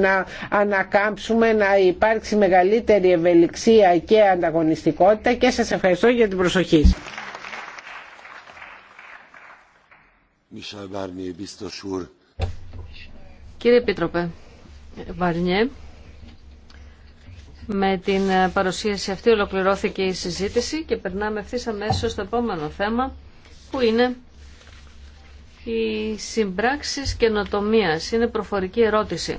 να ανακάμψουμε, να υπάρξει μεγαλύτερη ευελιξία και ανταγωνιστικότητα και σας ευχαριστώ για την προσοχή σας. Κύριε Επίτροπε Βαρνιέ, με την παρουσίαση αυτή ολοκληρώθηκε η συζήτηση και περνάμε ευθύ αμέσως στο επόμενο θέμα που είναι οι συμπράξεις καινοτομίας. Είναι προφορική ερώτηση.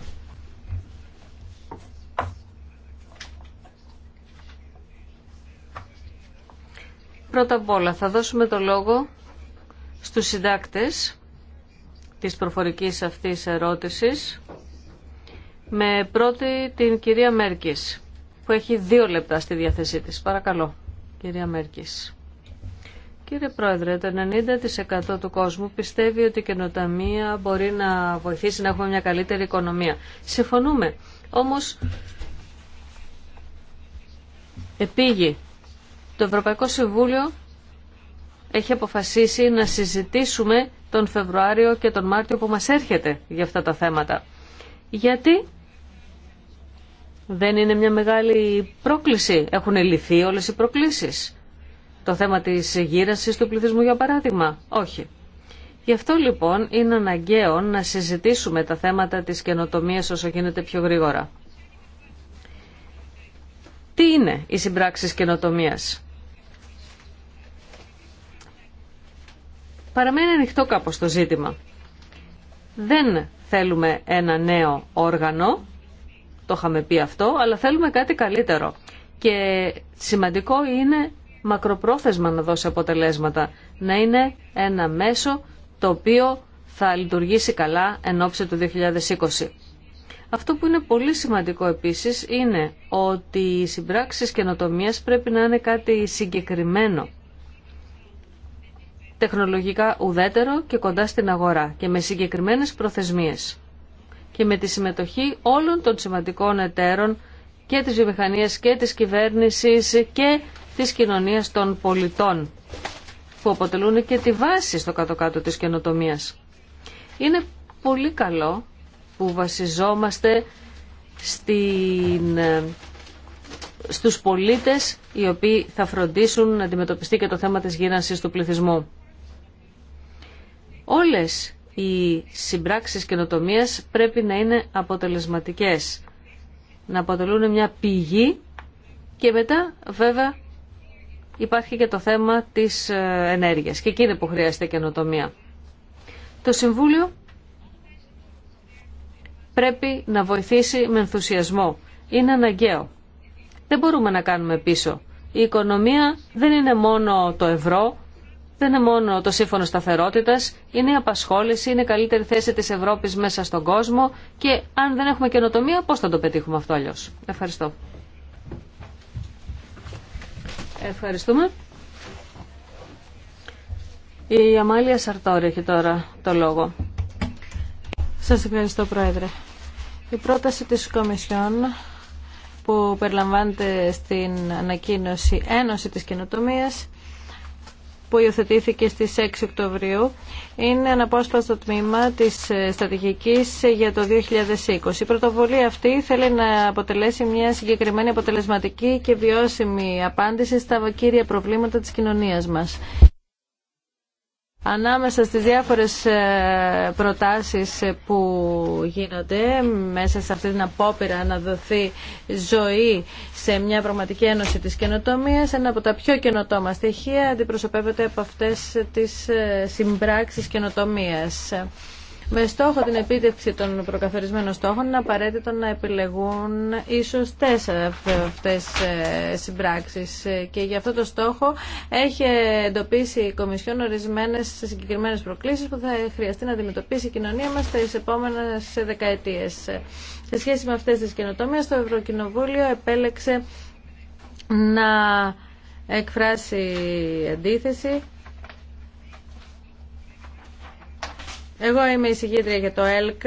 Πρώτα απ' όλα θα δώσουμε το λόγο στους συντάκτες της προφορικής αυτής ερώτησης με πρώτη την κυρία Μέρκης που έχει δύο λεπτά στη διάθεσή της. Παρακαλώ, κυρία Μέρκης. Κύριε Πρόεδρε, το 90% του κόσμου πιστεύει ότι η καινοταμία μπορεί να βοηθήσει να έχουμε μια καλύτερη οικονομία. Συμφωνούμε. Όμως, επίγει το Ευρωπαϊκό Συμβούλιο έχει αποφασίσει να συζητήσουμε τον Φεβρουάριο και τον Μάρτιο που μας έρχεται για αυτά τα θέματα. Γιατί δεν είναι μια μεγάλη πρόκληση. Έχουν λυθεί όλες οι προκλήσεις. Το θέμα της γύρασης του πληθυσμού για παράδειγμα. Όχι. Γι' αυτό λοιπόν είναι αναγκαίο να συζητήσουμε τα θέματα της καινοτομίας όσο γίνεται πιο γρήγορα. Τι είναι οι συμπράξεις καινοτομίας. Παραμένει ανοιχτό κάπως το ζήτημα. Δεν θέλουμε ένα νέο όργανο, το είχαμε πει αυτό, αλλά θέλουμε κάτι καλύτερο. Και σημαντικό είναι μακροπρόθεσμα να δώσει αποτελέσματα, να είναι ένα μέσο το οποίο θα λειτουργήσει καλά εν ώψη του 2020. Αυτό που είναι πολύ σημαντικό επίσης είναι ότι οι συμπράξεις καινοτομία πρέπει να είναι κάτι συγκεκριμένο τεχνολογικά ουδέτερο και κοντά στην αγορά και με συγκεκριμένες προθεσμίες και με τη συμμετοχή όλων των σημαντικών εταίρων και της βιομηχανίας και της κυβέρνησης και της κοινωνίας των πολιτών που αποτελούν και τη βάση στο κάτω-κάτω της καινοτομίας. Είναι πολύ καλό που βασιζόμαστε στην, ε, στους πολίτες οι οποίοι θα φροντίσουν να αντιμετωπιστεί και το θέμα της γύρανσης του πληθυσμού. Όλες οι συμπράξεις καινοτομία πρέπει να είναι αποτελεσματικές, να αποτελούν μια πηγή και μετά βέβαια υπάρχει και το θέμα της ε, ενέργειας και εκεί που χρειάζεται καινοτομία. Το Συμβούλιο πρέπει να βοηθήσει με ενθουσιασμό. Είναι αναγκαίο. Δεν μπορούμε να κάνουμε πίσω. Η οικονομία δεν είναι μόνο το ευρώ, δεν είναι μόνο το σύμφωνο σταθερότητα, είναι η απασχόληση, είναι η καλύτερη θέση τη Ευρώπη μέσα στον κόσμο και αν δεν έχουμε καινοτομία, πώ θα το πετύχουμε αυτό αλλιώ. Ευχαριστώ. Ευχαριστούμε. Η Αμάλια Σαρτόρη έχει τώρα το λόγο. Σας ευχαριστώ Πρόεδρε. Η πρόταση της Κομισιόν που περιλαμβάνεται στην ανακοίνωση Ένωση της Καινοτομίας που υιοθετήθηκε στις 6 Οκτωβρίου είναι αναπόσπαστο τμήμα της ε, στρατηγικής για το 2020. Η πρωτοβουλία αυτή θέλει να αποτελέσει μια συγκεκριμένη αποτελεσματική και βιώσιμη απάντηση στα κύρια προβλήματα της κοινωνίας μας. Ανάμεσα στις διάφορες ε, προτάσεις ε, που γίνονται μέσα σε αυτή την απόπειρα να δοθεί ζωή σε μια πραγματική ένωση της καινοτομίας, ένα από τα πιο καινοτόμα στοιχεία αντιπροσωπεύεται από αυτές τις ε, συμπράξεις καινοτομίας με στόχο την επίτευξη των προκαθορισμένων στόχων είναι απαραίτητο να επιλεγούν ίσως τέσσερα αυτές ε, συμπράξεις ε, και για αυτό το στόχο έχει εντοπίσει η Κομισιόν ορισμένες συγκεκριμένες προκλήσεις που θα χρειαστεί να αντιμετωπίσει η κοινωνία μας στις επόμενες δεκαετίες. Σε σχέση με αυτές τις καινοτόμια, το Ευρωκοινοβούλιο επέλεξε να εκφράσει αντίθεση Εγώ είμαι η για το ΕΛΚ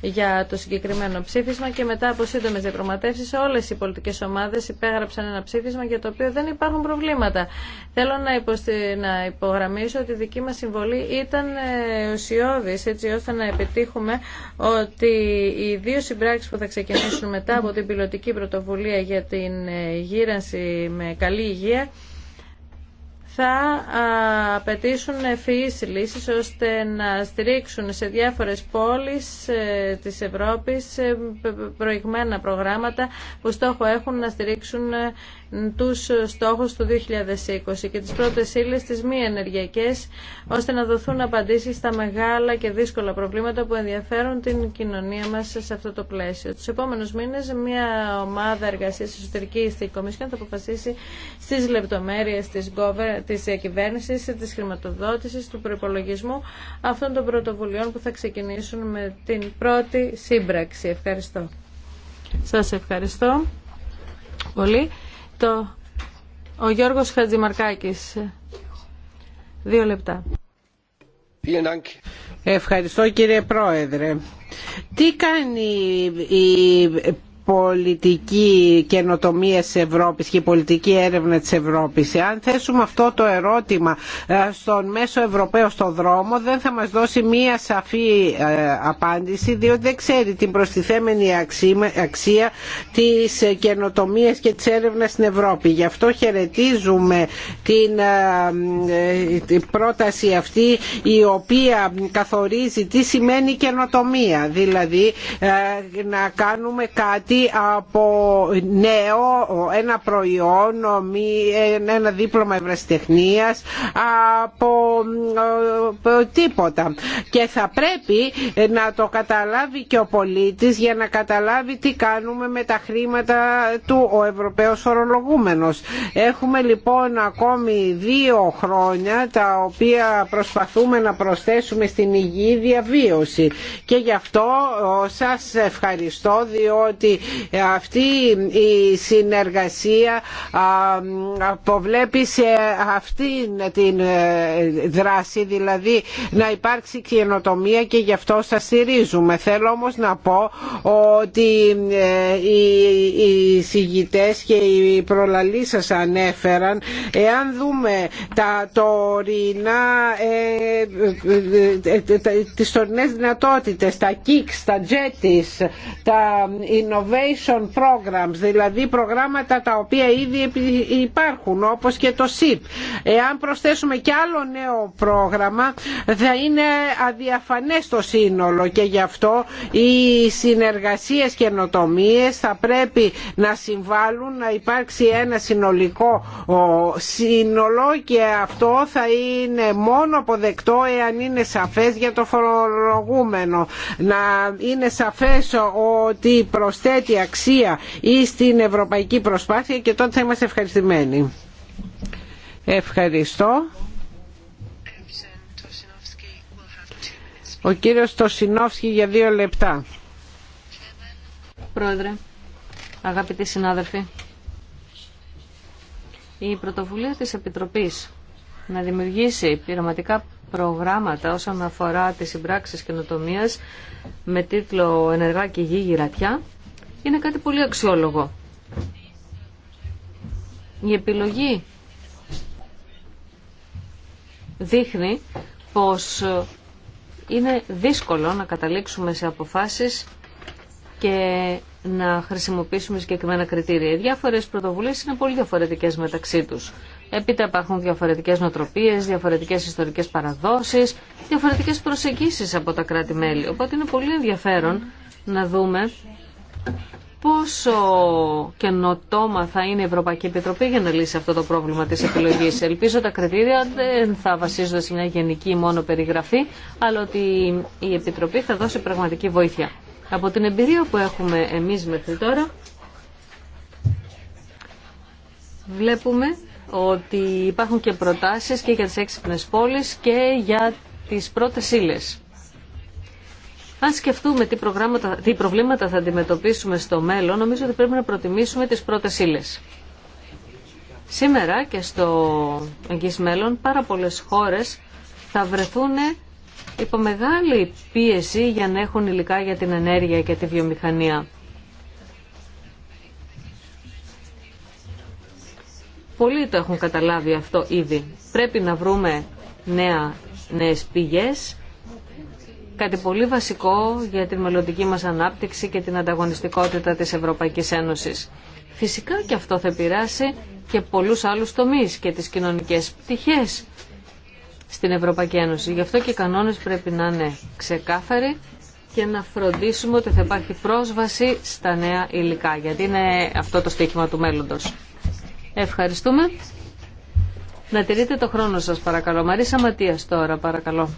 για το συγκεκριμένο ψήφισμα και μετά από σύντομε διαπραγματεύσει όλε οι πολιτικέ ομάδε υπέγραψαν ένα ψήφισμα για το οποίο δεν υπάρχουν προβλήματα. Θέλω να, υπογραμμίσω ότι η δική μα συμβολή ήταν ε, ουσιώδη έτσι ώστε να επιτύχουμε ότι οι δύο συμπράξει που θα ξεκινήσουν μετά από την πιλωτική πρωτοβουλία για την ε, γύρανση με καλή υγεία θα απαιτήσουν ευφυείς λύσεις ώστε να στηρίξουν σε διάφορες πόλεις ε, της Ευρώπης ε, προηγμένα προγράμματα που στόχο έχουν να στηρίξουν ε, τους στόχους του 2020 και τις πρώτες ύλες τις μη ενεργειακές ώστε να δοθούν απαντήσεις στα μεγάλα και δύσκολα προβλήματα που ενδιαφέρουν την κοινωνία μας σε αυτό το πλαίσιο. Τους επόμενους μήνες μια ομάδα εργασίας εσωτερικής στην Κομισιόν θα αποφασίσει στις λεπτομέρειες της, της κυβέρνησης, της χρηματοδότησης, του προπολογισμού αυτών των πρωτοβουλειών που θα ξεκινήσουν με την πρώτη σύμπραξη. Ευχαριστώ. Σας ευχαριστώ πολύ το... Ο Γιώργος Χατζημαρκάκης. Δύο λεπτά. Ευχαριστώ κύριε Πρόεδρε. Τι κάνει η πολιτική καινοτομία της Ευρώπης και η πολιτική έρευνα της Ευρώπης. Αν θέσουμε αυτό το ερώτημα ε, στον μέσο Ευρωπαίο στο δρόμο δεν θα μας δώσει μία σαφή ε, απάντηση διότι δεν ξέρει την προστιθέμενη αξία της καινοτομία και της έρευνας στην Ευρώπη. Γι' αυτό χαιρετίζουμε ε, την πρόταση αυτή η οποία καθορίζει τι σημαίνει καινοτομία. Δηλαδή να κάνουμε κάτι από νέο ένα προϊόν, ένα δίπλωμα ευρεσιτεχνίας, από ε, τίποτα. Και θα πρέπει να το καταλάβει και ο πολίτης για να καταλάβει τι κάνουμε με τα χρήματα του ο Ευρωπαίος Ορολογούμενος Έχουμε λοιπόν ακόμη δύο χρόνια τα οποία προσπαθούμε να προσθέσουμε στην υγιή διαβίωση και γι' αυτό ε, σας ευχαριστώ διότι αυτή η συνεργασία αποβλέπει σε αυτή την ε, δράση, δηλαδή να υπάρξει καινοτομία και γι' αυτό σας στηρίζουμε. Θέλω όμως να πω ότι ε, οι συγητές και οι προλαλοί σας ανέφεραν, εάν δούμε τα τωρινά, ε, τις τωρινές δυνατότητες, τα kicks, τα jetties, τα innovation, Innovation Programs, δηλαδή προγράμματα τα οποία ήδη υπάρχουν όπως και το SIP. Εάν προσθέσουμε και άλλο νέο πρόγραμμα θα είναι αδιαφανές το σύνολο και γι' αυτό οι συνεργασίες και ενοτομίες θα πρέπει να συμβάλλουν να υπάρξει ένα συνολικό σύνολο και αυτό θα είναι μόνο αποδεκτό εάν είναι σαφές για το φορολογούμενο. Να είναι σαφές ότι προσθέτει η ευχαριστημένοι. Ευχαριστώ. Ο κύριος Τοσινόφσκι για δύο λεπτά. Πρόεδρε, αγαπητοί συνάδελφοι, η πρωτοβουλία της Επιτροπής να δημιουργήσει πειραματικά προγράμματα όσον αφορά τις συμπράξεις καινοτομίας με τίτλο «Ενεργά και γη γυρατιά» είναι κάτι πολύ αξιόλογο. Η επιλογή δείχνει πως ε, είναι δύσκολο να καταλήξουμε σε αποφάσεις και να χρησιμοποιήσουμε συγκεκριμένα κριτήρια. Οι διάφορες πρωτοβουλίες είναι πολύ διαφορετικές μεταξύ τους. Έπειτα υπάρχουν διαφορετικές νοτροπίες, διαφορετικές ιστορικές παραδόσεις, διαφορετικές προσεγγίσεις από τα κράτη-μέλη. Οπότε είναι πολύ ενδιαφέρον να δούμε πόσο καινοτόμα θα είναι η Ευρωπαϊκή Επιτροπή για να λύσει αυτό το πρόβλημα της επιλογής. Ελπίζω τα κριτήρια δεν θα βασίζονται σε μια γενική μόνο περιγραφή, αλλά ότι η Επιτροπή θα δώσει πραγματική βοήθεια. Από την εμπειρία που έχουμε εμείς μέχρι τώρα, βλέπουμε ότι υπάρχουν και προτάσεις και για τις έξυπνες πόλεις και για τις πρώτες ύλες. Αν σκεφτούμε τι, τι προβλήματα θα αντιμετωπίσουμε στο μέλλον, νομίζω ότι πρέπει να προτιμήσουμε τις πρώτες ύλε. Σήμερα και στο εγγύς μέλλον πάρα πολλές χώρες θα βρεθούν υπό μεγάλη πίεση για να έχουν υλικά για την ενέργεια και τη βιομηχανία. Πολλοί το έχουν καταλάβει αυτό ήδη. Πρέπει να βρούμε νέα, νέες πηγές κάτι πολύ βασικό για τη μελλοντική μας ανάπτυξη και την ανταγωνιστικότητα της Ευρωπαϊκής Ένωσης. Φυσικά και αυτό θα επηρεάσει και πολλούς άλλους τομείς και τις κοινωνικές πτυχές στην Ευρωπαϊκή Ένωση. Γι' αυτό και οι κανόνες πρέπει να είναι ξεκάθαροι και να φροντίσουμε ότι θα υπάρχει πρόσβαση στα νέα υλικά, γιατί είναι αυτό το στοίχημα του μέλλοντος. Ευχαριστούμε. Να τηρείτε το χρόνο σας παρακαλώ. Μαρίσα Ματίας τώρα παρακαλώ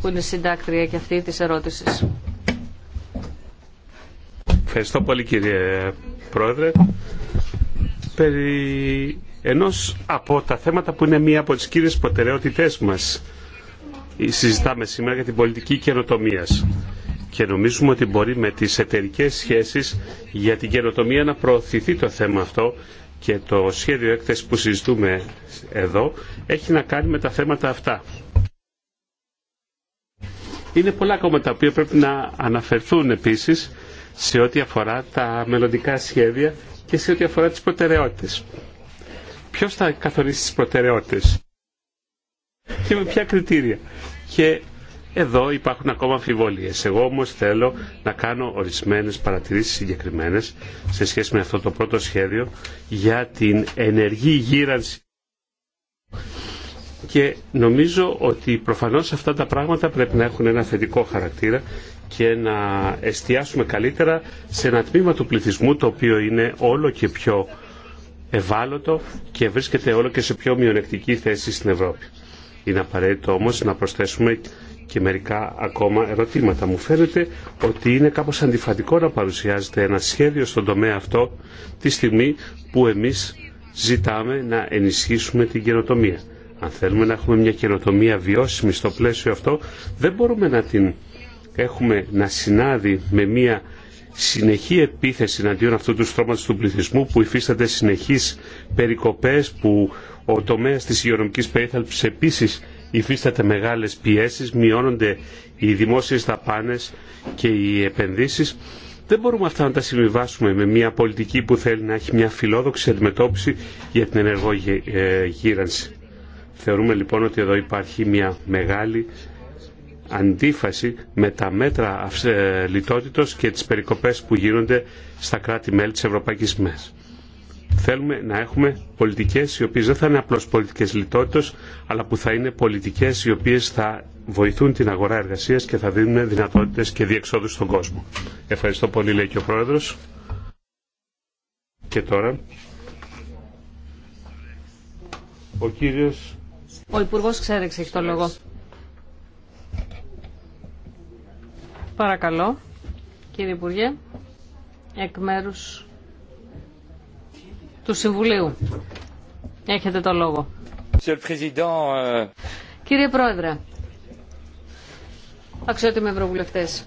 που είναι συντάκτρια και αυτή της ερώτησης. Ευχαριστώ πολύ κύριε Πρόεδρε. Περί ενός από τα θέματα που είναι μία από τις κύριες προτεραιότητές μας συζητάμε σήμερα για την πολιτική καινοτομία. Και νομίζουμε ότι μπορεί με τις εταιρικέ σχέσεις για την καινοτομία να προωθηθεί το θέμα αυτό και το σχέδιο έκθεση που συζητούμε εδώ έχει να κάνει με τα θέματα αυτά. Είναι πολλά ακόμα τα οποία πρέπει να αναφερθούν επίσης σε ό,τι αφορά τα μελλοντικά σχέδια και σε ό,τι αφορά τις προτεραιότητες. Ποιος θα καθορίσει τις προτεραιότητες και με ποια κριτήρια. Και εδώ υπάρχουν ακόμα αμφιβολίες. Εγώ όμω θέλω να κάνω ορισμένες παρατηρήσει συγκεκριμένε σε σχέση με αυτό το πρώτο σχέδιο για την ενεργή γύρανση και νομίζω ότι προφανώς αυτά τα πράγματα πρέπει να έχουν ένα θετικό χαρακτήρα και να εστιάσουμε καλύτερα σε ένα τμήμα του πληθυσμού το οποίο είναι όλο και πιο ευάλωτο και βρίσκεται όλο και σε πιο μειονεκτική θέση στην Ευρώπη. Είναι απαραίτητο όμως να προσθέσουμε και μερικά ακόμα ερωτήματα. Μου φαίνεται ότι είναι κάπως αντιφατικό να παρουσιάζεται ένα σχέδιο στον τομέα αυτό τη στιγμή που εμείς ζητάμε να ενισχύσουμε την καινοτομία. Αν θέλουμε να έχουμε μια καινοτομία βιώσιμη στο πλαίσιο αυτό, δεν μπορούμε να την έχουμε να συνάδει με μια συνεχή επίθεση εναντίον αυτού του στρώματος του πληθυσμού που υφίσταται συνεχείς περικοπές που ο τομέας της υγειονομικής περίθαλψης επίσης υφίσταται μεγάλες πιέσεις, μειώνονται οι δημόσιες δαπάνες και οι επενδύσεις. Δεν μπορούμε αυτά να τα συμβιβάσουμε με μια πολιτική που θέλει να έχει μια φιλόδοξη αντιμετώπιση για την ενεργό ε, γύρανση. Θεωρούμε λοιπόν ότι εδώ υπάρχει μια μεγάλη αντίφαση με τα μέτρα ε, λιτότητος και τις περικοπές που γίνονται στα κράτη-μέλη της Ευρωπαϊκής Μέσης. Θέλουμε να έχουμε πολιτικές οι οποίες δεν θα είναι απλώς πολιτικές λιτότητος, αλλά που θα είναι πολιτικές οι οποίες θα βοηθούν την αγορά εργασίας και θα δίνουν δυνατότητες και διεξόδους στον κόσμο. Ευχαριστώ πολύ, λέει και ο Πρόεδρος. Και τώρα, ο κύριος ο Υπουργός ξέρεξε. έχει το λόγο. Παρακαλώ, κύριε Υπουργέ, εκ μέρους του Συμβουλίου. Έχετε το λόγο. Euh, κύριε Πρόεδρε, αξιότιμοι ευρωβουλευτές,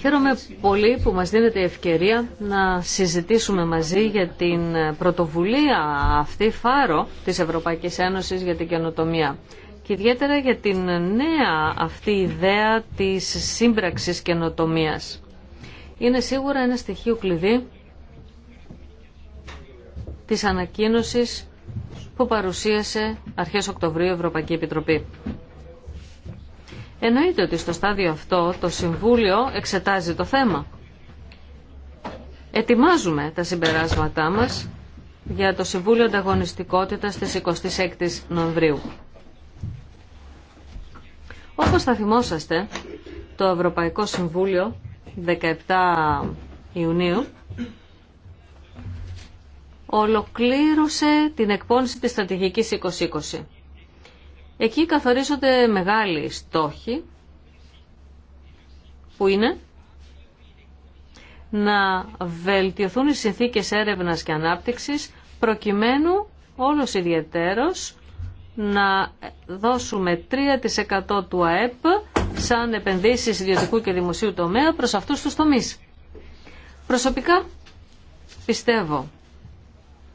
Χαίρομαι πολύ που μας δίνεται η ευκαιρία να συζητήσουμε μαζί για την πρωτοβουλία αυτή φάρο της Ευρωπαϊκής Ένωσης για την καινοτομία και ιδιαίτερα για την νέα αυτή ιδέα της σύμπραξης καινοτομίας. Είναι σίγουρα ένα στοιχείο κλειδί της ανακοίνωσης που παρουσίασε αρχές Οκτωβρίου η Ευρωπαϊκή Επιτροπή. Εννοείται ότι στο στάδιο αυτό το Συμβούλιο εξετάζει το θέμα. Ετοιμάζουμε τα συμπεράσματά μας για το Συμβούλιο Ανταγωνιστικότητας της 26 Νοεμβρίου. Όπως θα θυμόσαστε, το Ευρωπαϊκό Συμβούλιο 17 Ιουνίου ολοκλήρωσε την εκπόνηση της στρατηγικής 2020. Εκεί καθορίζονται μεγάλοι στόχοι που είναι να βελτιωθούν οι συνθήκες έρευνας και ανάπτυξης προκειμένου όλος ιδιαιτέρως να δώσουμε 3% του ΑΕΠ σαν επενδύσεις ιδιωτικού και δημοσίου τομέα προς αυτούς τους τομείς. Προσωπικά πιστεύω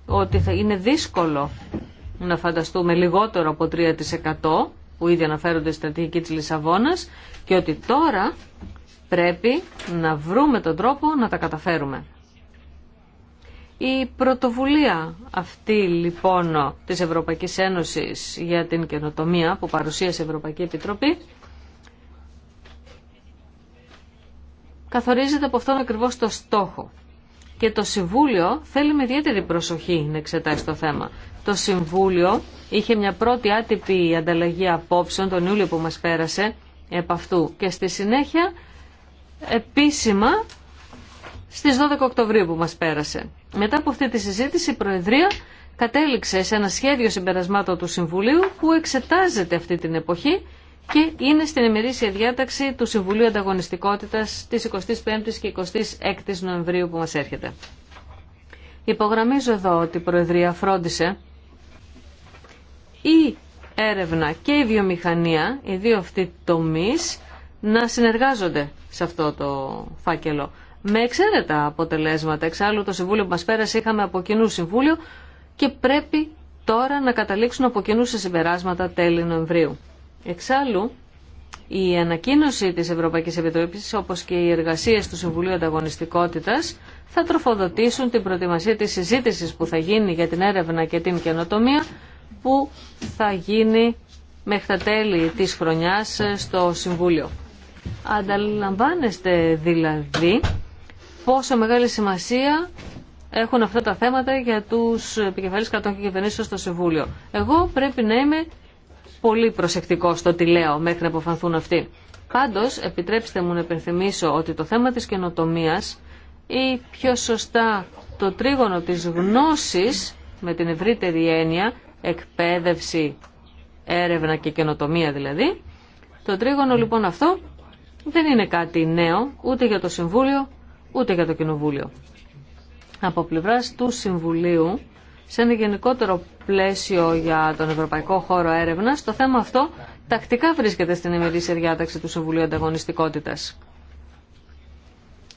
ότι θα είναι δύσκολο να φανταστούμε λιγότερο από 3% που ήδη αναφέρονται στη στρατηγική της Λισαβόνας και ότι τώρα πρέπει να βρούμε τον τρόπο να τα καταφέρουμε. Η πρωτοβουλία αυτή λοιπόν της Ευρωπαϊκής Ένωσης για την καινοτομία που παρουσίασε η Ευρωπαϊκή Επιτροπή καθορίζεται από αυτόν ακριβώς το στόχο. Και το Συμβούλιο θέλει με ιδιαίτερη προσοχή να εξετάσει το θέμα το Συμβούλιο είχε μια πρώτη άτυπη ανταλλαγή απόψεων τον Ιούλιο που μας πέρασε επ' αυτού και στη συνέχεια επίσημα στις 12 Οκτωβρίου που μας πέρασε. Μετά από αυτή τη συζήτηση η Προεδρία κατέληξε σε ένα σχέδιο συμπερασμάτων του Συμβουλίου που εξετάζεται αυτή την εποχή και είναι στην ημερήσια διάταξη του Συμβουλίου Ανταγωνιστικότητας της 25ης και 26ης Νοεμβρίου που μας έρχεται. Υπογραμμίζω εδώ ότι η Προεδρία φρόντισε η έρευνα και η βιομηχανία, οι δύο αυτοί τομείς, να συνεργάζονται σε αυτό το φάκελο. Με εξαίρετα αποτελέσματα. Εξάλλου το Συμβούλιο που μας πέρασε είχαμε από κοινού Συμβούλιο και πρέπει τώρα να καταλήξουν από κοινού σε συμπεράσματα τέλη Νοεμβρίου. Εξάλλου, η ανακοίνωση της Ευρωπαϊκής Επιτροπής, όπως και οι εργασίες του Συμβουλίου Ανταγωνιστικότητας, θα τροφοδοτήσουν την προετοιμασία της συζήτησης που θα γίνει για την έρευνα και την καινοτομία που θα γίνει μέχρι τα τέλη της χρονιάς στο Συμβούλιο. Ανταλαμβάνεστε δηλαδή πόσο μεγάλη σημασία έχουν αυτά τα θέματα για τους επικεφαλής κρατών και κυβερνήσεων στο Συμβούλιο. Εγώ πρέπει να είμαι πολύ προσεκτικό στο τι λέω μέχρι να αποφανθούν αυτοί. Πάντως, επιτρέψτε μου να υπενθυμίσω ότι το θέμα της καινοτομία ή πιο σωστά το τρίγωνο της γνώσης με την ευρύτερη έννοια εκπαίδευση, έρευνα και καινοτομία δηλαδή. Το τρίγωνο λοιπόν αυτό δεν είναι κάτι νέο ούτε για το Συμβούλιο ούτε για το Κοινοβούλιο. Από πλευράς του Συμβουλίου, σε ένα γενικότερο πλαίσιο για τον Ευρωπαϊκό Χώρο Έρευνα, το θέμα αυτό τακτικά βρίσκεται στην ημερήσια διάταξη του Συμβουλίου Ανταγωνιστικότητα.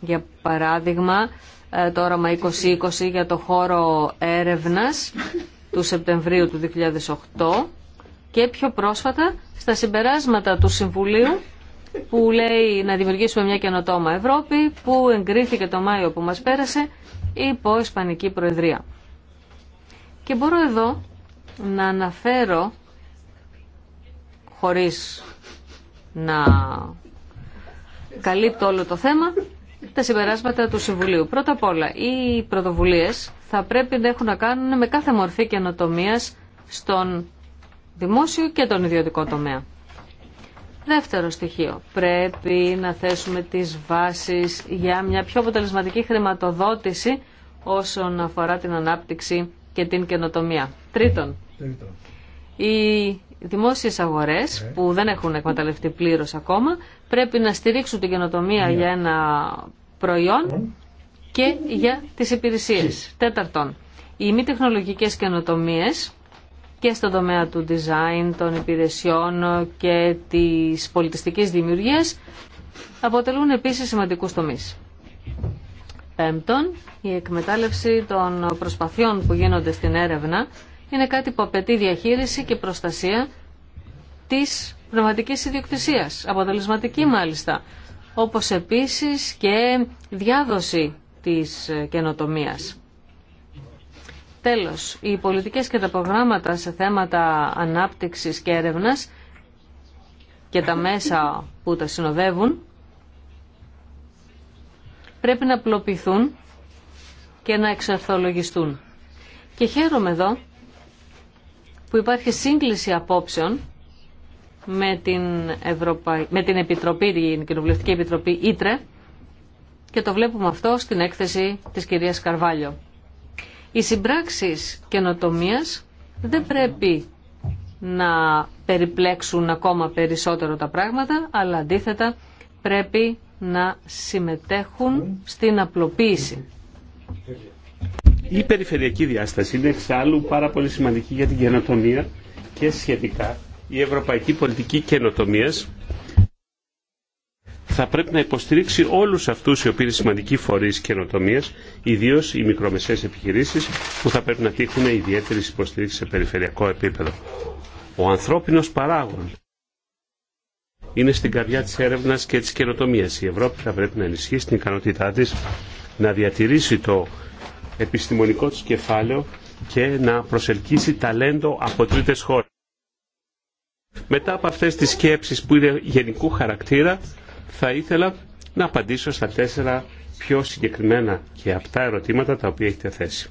Για παράδειγμα, ε, το όραμα 2020 για το χώρο έρευνας του Σεπτεμβρίου του 2008 και πιο πρόσφατα στα συμπεράσματα του Συμβουλίου που λέει να δημιουργήσουμε μια καινοτόμα Ευρώπη που εγκρίθηκε το Μάιο που μας πέρασε υπό Ισπανική Προεδρία. Και μπορώ εδώ να αναφέρω χωρίς να καλύπτω όλο το θέμα τα συμπεράσματα του Συμβουλίου. Πρώτα απ' όλα, οι πρωτοβουλίες θα πρέπει να έχουν να κάνουν με κάθε μορφή καινοτομία στον δημόσιο και τον ιδιωτικό τομέα. Δεύτερο στοιχείο. Πρέπει να θέσουμε τις βάσεις για μια πιο αποτελεσματική χρηματοδότηση όσον αφορά την ανάπτυξη και την καινοτομία. Τρίτον, οι δημόσιες αγορές ναι. που δεν έχουν εκμεταλλευτεί πλήρως ακόμα πρέπει να στηρίξουν την καινοτομία ναι. για ένα προϊόν λοιπόν και για τις υπηρεσίες. Τέταρτον, οι μη τεχνολογικές καινοτομίες και στον τομέα του design, των υπηρεσιών και της πολιτιστικής δημιουργίας αποτελούν επίσης σημαντικούς τομείς. Πέμπτον, η εκμετάλλευση των προσπαθειών που γίνονται στην έρευνα είναι κάτι που απαιτεί διαχείριση και προστασία της πνευματικής ιδιοκτησίας, αποτελεσματική μάλιστα, όπως επίσης και διάδοση της καινοτομίας. Τέλος, οι πολιτικές και τα προγράμματα σε θέματα ανάπτυξης και έρευνας και τα μέσα που τα συνοδεύουν πρέπει να απλοποιηθούν και να εξαρθολογιστούν. Και χαίρομαι εδώ που υπάρχει σύγκληση απόψεων με την, Ευρωπα... με την Επιτροπή, την Κοινοβουλευτική Επιτροπή Ήτρε, και το βλέπουμε αυτό στην έκθεση της κυρίας Καρβάλιο. Οι συμπράξεις καινοτομία δεν πρέπει να περιπλέξουν ακόμα περισσότερο τα πράγματα, αλλά αντίθετα πρέπει να συμμετέχουν στην απλοποίηση. Η περιφερειακή διάσταση είναι εξάλλου πάρα πολύ σημαντική για την καινοτομία και σχετικά η ευρωπαϊκή πολιτική καινοτομίας θα πρέπει να υποστηρίξει όλου αυτού οι οποίοι είναι σημαντικοί φορεί καινοτομία, ιδίω οι μικρομεσαίες επιχειρήσει που θα πρέπει να τύχουν ιδιαίτερη υποστηρίξη σε περιφερειακό επίπεδο. Ο ανθρώπινο παράγων είναι στην καρδιά τη έρευνα και τη καινοτομία. Η Ευρώπη θα πρέπει να ενισχύσει την ικανότητά τη, να διατηρήσει το επιστημονικό της κεφάλαιο και να προσελκύσει ταλέντο από τρίτες χώρες. Μετά από αυτές τις σκέψεις που είναι γενικού χαρακτήρα, θα ήθελα να απαντήσω στα τέσσερα πιο συγκεκριμένα και απτά ερωτήματα τα οποία έχετε θέσει.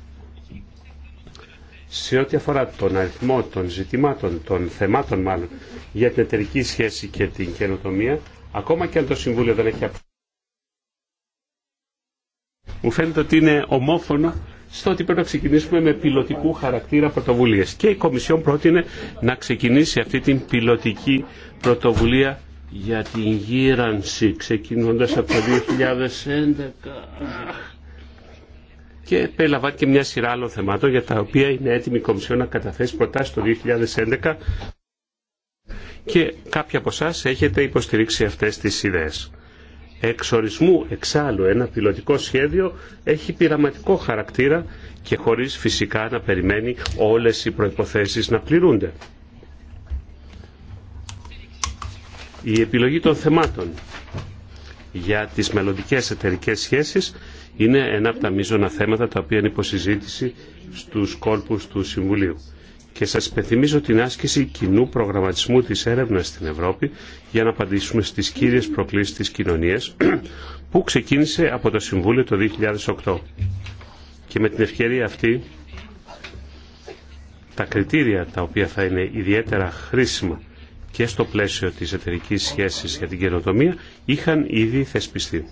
Σε ό,τι αφορά τον αριθμό των ζητημάτων, των θεμάτων μάλλον, για την εταιρική σχέση και την καινοτομία, ακόμα και αν το Συμβούλιο δεν έχει μου φαίνεται ότι είναι ομόφωνο στο ότι πρέπει να ξεκινήσουμε με πιλωτικού χαρακτήρα πρωτοβουλίες. Και η Κομισιόν πρότεινε να ξεκινήσει αυτή την πιλωτική πρωτοβουλία για την γύρανση ξεκινώντας από το 2011 και περιλαμβάνει και μια σειρά άλλων θεμάτων για τα οποία είναι έτοιμη η Κομισιόν να καταθέσει προτάσεις το 2011 και κάποια από εσά έχετε υποστηρίξει αυτές τις ιδέες. Εξορισμού εξάλλου ένα πιλωτικό σχέδιο έχει πειραματικό χαρακτήρα και χωρίς φυσικά να περιμένει όλες οι προϋποθέσεις να πληρούνται. η επιλογή των θεμάτων για τις μελλοντικέ εταιρικές σχέσεις είναι ένα από τα μείζωνα θέματα τα οποία είναι υποσυζήτηση στους κόλπους του Συμβουλίου. Και σας υπενθυμίζω την άσκηση κοινού προγραμματισμού της έρευνας στην Ευρώπη για να απαντήσουμε στις κύριες προκλήσεις της κοινωνίας που ξεκίνησε από το Συμβούλιο το 2008. Και με την ευκαιρία αυτή τα κριτήρια τα οποία θα είναι ιδιαίτερα χρήσιμα και στο πλαίσιο της εταιρική σχέσης για την καινοτομία είχαν ήδη θεσπιστεί.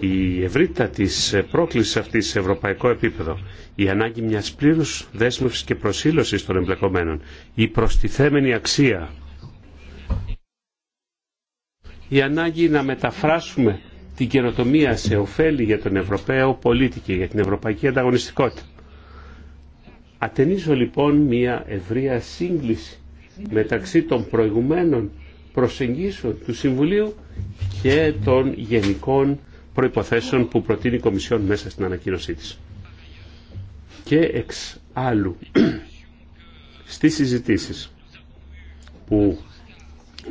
Η ευρύτητα της πρόκλησης αυτής σε ευρωπαϊκό επίπεδο, η ανάγκη μιας πλήρους δέσμευσης και προσήλωσης των εμπλεκομένων, η προστιθέμενη αξία, η ανάγκη να μεταφράσουμε την καινοτομία σε ωφέλη για τον Ευρωπαίο πολίτη και για την ευρωπαϊκή ανταγωνιστικότητα. Ατενίζω λοιπόν μια ευρεία σύγκληση μεταξύ των προηγουμένων προσεγγίσεων του Συμβουλίου και των γενικών προϋποθέσεων που προτείνει η Κομισιόν μέσα στην ανακοίνωσή της. Και εξ άλλου, στις συζητήσεις που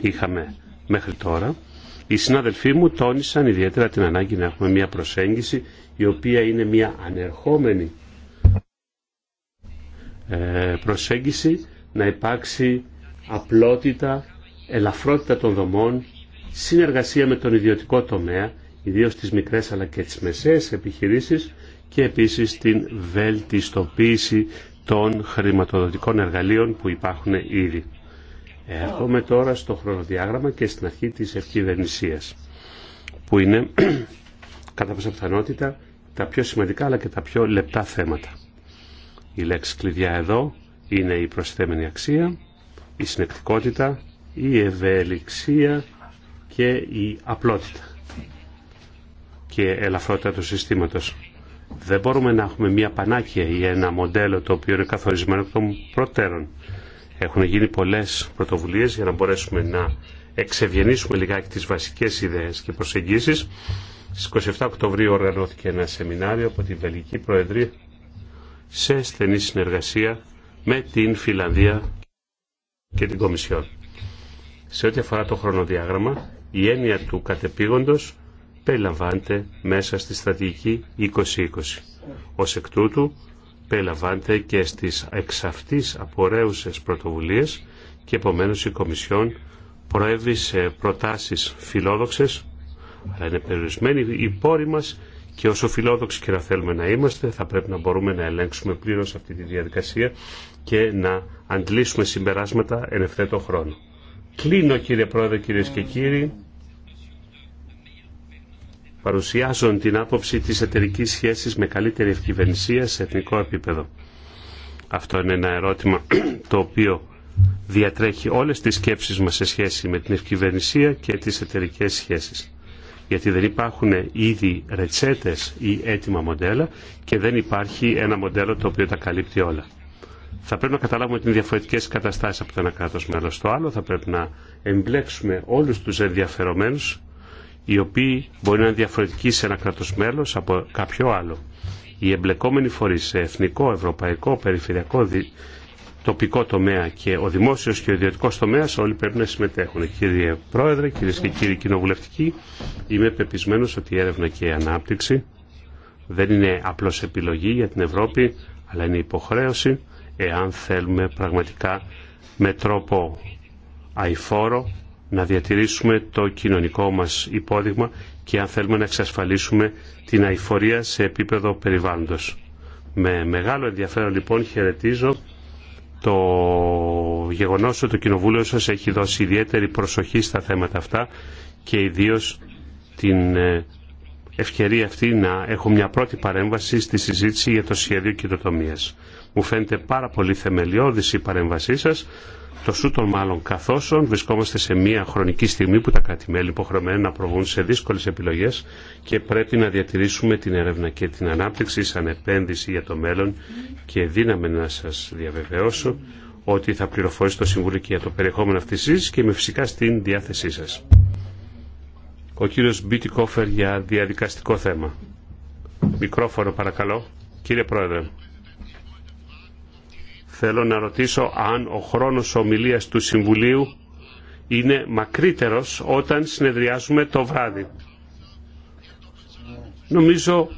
είχαμε μέχρι τώρα, οι συνάδελφοί μου τόνισαν ιδιαίτερα την ανάγκη να έχουμε μια προσέγγιση η οποία είναι μια ανερχόμενη ε, προσέγγιση να υπάρξει απλότητα, ελαφρότητα των δομών, συνεργασία με τον ιδιωτικό τομέα, ιδίως τις μικρές αλλά και τις μεσαίες επιχειρήσεις και επίσης την βελτιστοποίηση των χρηματοδοτικών εργαλείων που υπάρχουν ήδη. Έρχομαι τώρα στο χρονοδιάγραμμα και στην αρχή της ευκυβερνησίας, που είναι κατά πάσα πιθανότητα τα πιο σημαντικά αλλά και τα πιο λεπτά θέματα. Η λέξη κλειδιά εδώ είναι η προσθέμενη αξία, η συνεκτικότητα, η ευελιξία και η απλότητα και ελαφρότητα του συστήματος. Δεν μπορούμε να έχουμε μια πανάκια ή ένα μοντέλο το οποίο είναι καθορισμένο από των προτέρων. Έχουν γίνει πολλές πρωτοβουλίες για να μπορέσουμε να εξευγενήσουμε λιγάκι τις βασικές ιδέες και προσεγγίσεις. Στις 27 Οκτωβρίου οργανώθηκε ένα σεμινάριο από την Βελγική Προεδρία σε στενή συνεργασία με την Φιλανδία και την Κομισιόν. Σε ό,τι αφορά το χρονοδιάγραμμα, η έννοια του κατεπήγοντος περιλαμβάνεται μέσα στη στρατηγική 2020. Ως εκ τούτου, περιλαμβάνεται και στις εξ αυτής απορρέουσες πρωτοβουλίες και επομένως η Κομισιόν προέβη σε προτάσεις φιλόδοξες, αλλά είναι περιορισμένη η πόρη μας και όσο φιλόδοξοι και να θέλουμε να είμαστε, θα πρέπει να μπορούμε να ελέγξουμε πλήρω αυτή τη διαδικασία και να αντλήσουμε συμπεράσματα εν ευθέτω χρόνο. Κλείνω κύριε Πρόεδρε, κυρίε και κύριοι, παρουσιάζουν την άποψη της εταιρική σχέση με καλύτερη ευκυβερνησία σε εθνικό επίπεδο. Αυτό είναι ένα ερώτημα το οποίο διατρέχει όλες τις σκέψεις μας σε σχέση με την ευκυβερνησία και τις εταιρικέ σχέσεις γιατί δεν υπάρχουν ήδη ρετσέτες ή έτοιμα μοντέλα και δεν υπάρχει ένα μοντέλο το οποίο τα καλύπτει όλα. Θα πρέπει να καταλάβουμε ότι είναι διαφορετικέ καταστάσει από το ένα κράτο μέλο στο άλλο. Θα πρέπει να εμπλέξουμε όλου του ενδιαφερομένου, οι οποίοι μπορεί να είναι διαφορετικοί σε ένα κράτο μέλο από κάποιο άλλο. Οι εμπλεκόμενοι φορεί σε εθνικό, ευρωπαϊκό, περιφερειακό, τοπικό τομέα και ο δημόσιο και ο ιδιωτικό τομέα, όλοι πρέπει να συμμετέχουν. Κύριε Πρόεδρε, κύριε και κύριοι κοινοβουλευτικοί, είμαι πεπισμένο ότι η έρευνα και η ανάπτυξη δεν είναι απλώ επιλογή για την Ευρώπη, αλλά είναι υποχρέωση εάν θέλουμε πραγματικά με τρόπο αηφόρο να διατηρήσουμε το κοινωνικό μας υπόδειγμα και αν θέλουμε να εξασφαλίσουμε την αηφορία σε επίπεδο περιβάλλοντος. Με μεγάλο ενδιαφέρον λοιπόν χαιρετίζω το γεγονός ότι το Κοινοβούλιο σας έχει δώσει ιδιαίτερη προσοχή στα θέματα αυτά και ιδίως την ε, ευκαιρία αυτή να έχω μια πρώτη παρέμβαση στη συζήτηση για το σχέδιο κοινοτομίας. Μου φαίνεται πάρα πολύ θεμελιώδης η παρέμβασή σας το σούτον μάλλον καθόσον βρισκόμαστε σε μια χρονική στιγμή που τα κρατη υποχρεωμένα να προβούν σε δύσκολες επιλογές και πρέπει να διατηρήσουμε την έρευνα και την ανάπτυξη σαν επένδυση για το μέλλον και δύναμη να σας διαβεβαιώσω ότι θα πληροφορήσω το Συμβούλιο και για το περιεχόμενο αυτής της και με φυσικά στην διάθεσή σα. Ο Μπίτι Κόφερ για διαδικαστικό θέμα. Μικρόφωνο παρακαλώ. Κύριε Πρόεδρε. Θέλω να ρωτήσω αν ο χρόνος ομιλίας του Συμβουλίου είναι μακρύτερος όταν συνεδριάζουμε το βράδυ. Νομίζω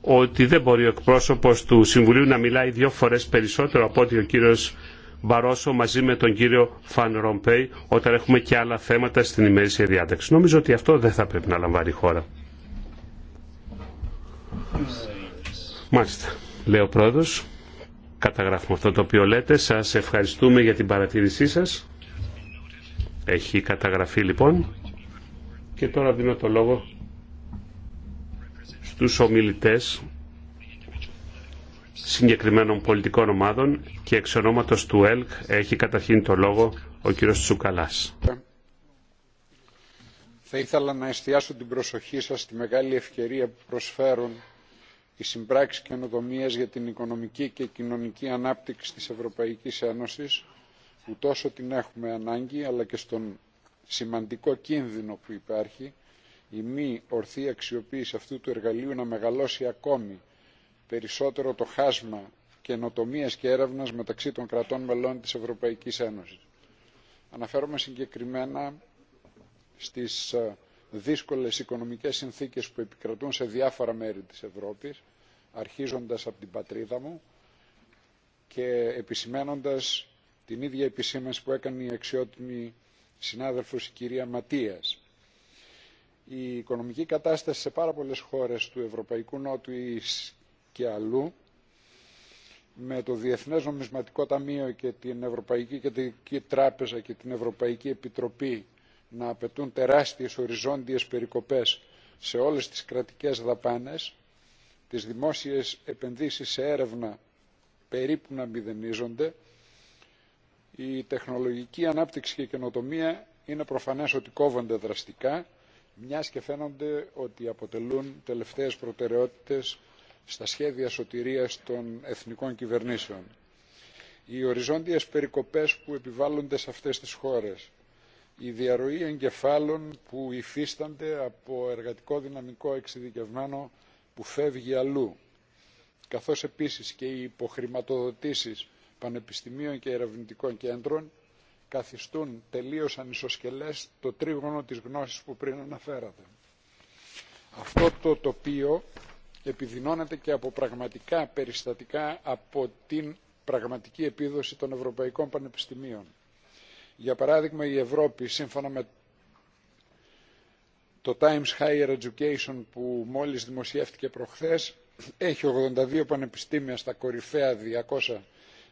ότι δεν μπορεί ο εκπρόσωπος του Συμβουλίου να μιλάει δύο φορές περισσότερο από ότι ο κύριος Μπαρόσο μαζί με τον κύριο Φαν Ρομπέι όταν έχουμε και άλλα θέματα στην ημερήσια διάταξη. Νομίζω ότι αυτό δεν θα πρέπει να λαμβάνει η χώρα. Μάλιστα, λέει πρόεδρος καταγράφουμε αυτό το οποίο λέτε. Σας ευχαριστούμε για την παρατήρησή σας. Έχει καταγραφεί λοιπόν. Και τώρα δίνω το λόγο στους ομιλητές συγκεκριμένων πολιτικών ομάδων και εξ του ΕΛΚ έχει καταρχήν το λόγο ο κύριος Τσουκαλάς. Θα ήθελα να εστιάσω την προσοχή σας στη μεγάλη ευκαιρία που προσφέρουν οι συμπράξεις καινοτομίας για την οικονομική και κοινωνική ανάπτυξη της ευρωπαϊκής ένωσης που τόσο την έχουμε ανάγκη αλλά και στον σημαντικό κίνδυνο που υπάρχει η μη ορθή αξιοποίηση αυτού του εργαλείου να μεγαλώσει ακόμη περισσότερο το χάσμα καινοτομία και έρευνας μεταξύ των κρατών μελών της ευρωπαϊκής ένωσης. αναφέρομαι συγκεκριμένα στις ε, δύσκολες οικονομικές συνθήκες που επικρατούν σε διάφορα μέρη της Ευρώπης, αρχίζοντας από την πατρίδα μου και επισημένοντας την ίδια επισήμανση που έκανε η αξιότιμη συνάδελφος η κυρία Ματίας. Η οικονομική κατάσταση σε πάρα πολλές χώρες του Ευρωπαϊκού Νότου και αλλού με το Διεθνές Νομισματικό Ταμείο και την Ευρωπαϊκή Κεντρική Τράπεζα και την Ευρωπαϊκή Επιτροπή να απαιτούν τεράστιες οριζόντιες περικοπές σε όλες τις κρατικές δαπάνες, τις δημόσιες επενδύσεις σε έρευνα περίπου να μηδενίζονται, η τεχνολογική ανάπτυξη και καινοτομία είναι προφανές ότι κόβονται δραστικά, μιας και φαίνονται ότι αποτελούν τελευταίες προτεραιότητες στα σχέδια σωτηρίας των εθνικών κυβερνήσεων. Οι οριζόντιες περικοπές που επιβάλλονται σε αυτές τις χώρες η διαρροή εγκεφάλων που υφίστανται από εργατικό δυναμικό εξειδικευμένο που φεύγει αλλού, καθώς επίσης και οι υποχρηματοδοτήσεις πανεπιστημίων και ερευνητικών κέντρων καθιστούν τελείως ανισοσκελές το τρίγωνο της γνώσης που πριν αναφέρατε. Αυτό το τοπίο επιδεινώνεται και από πραγματικά περιστατικά από την πραγματική επίδοση των ευρωπαϊκών πανεπιστημίων για παράδειγμα η ευρώπη σύμφωνα με το times higher education που μόλις δημοσιεύτηκε προχθές έχει 82 πανεπιστήμια στα κορυφαία 200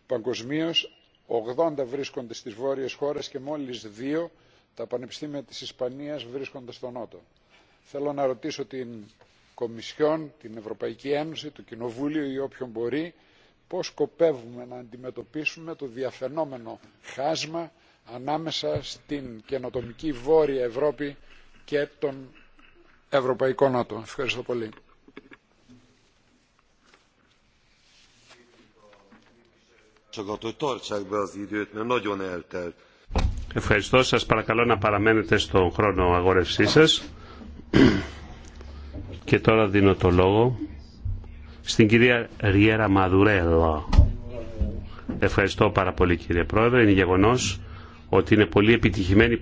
παγκοσμίω, 80 βρίσκονται στις βόρειες χώρες και μόλις δύο τα πανεπιστήμια της Ισπανίας βρίσκονται στο Νότο. Θέλω να ρωτήσω την Κομισιόν, την Ευρωπαϊκή Ένωση, το Κοινοβούλιο ή όποιον μπορεί πώς σκοπεύουμε να αντιμετωπίσουμε το διαφαινόμενο χάσμα ανάμεσα στην καινοτομική Βόρεια Ευρώπη και τον Ευρωπαϊκό Νότο. Ευχαριστώ πολύ. Ευχαριστώ. Σας παρακαλώ να παραμένετε στον χρόνο αγόρευσή σας. Και τώρα δίνω το λόγο στην κυρία Ριέρα μαδουρέλα Ευχαριστώ πάρα πολύ κύριε Πρόεδρε. Είναι γεγονός ότι είναι πολύ επιτυχημένη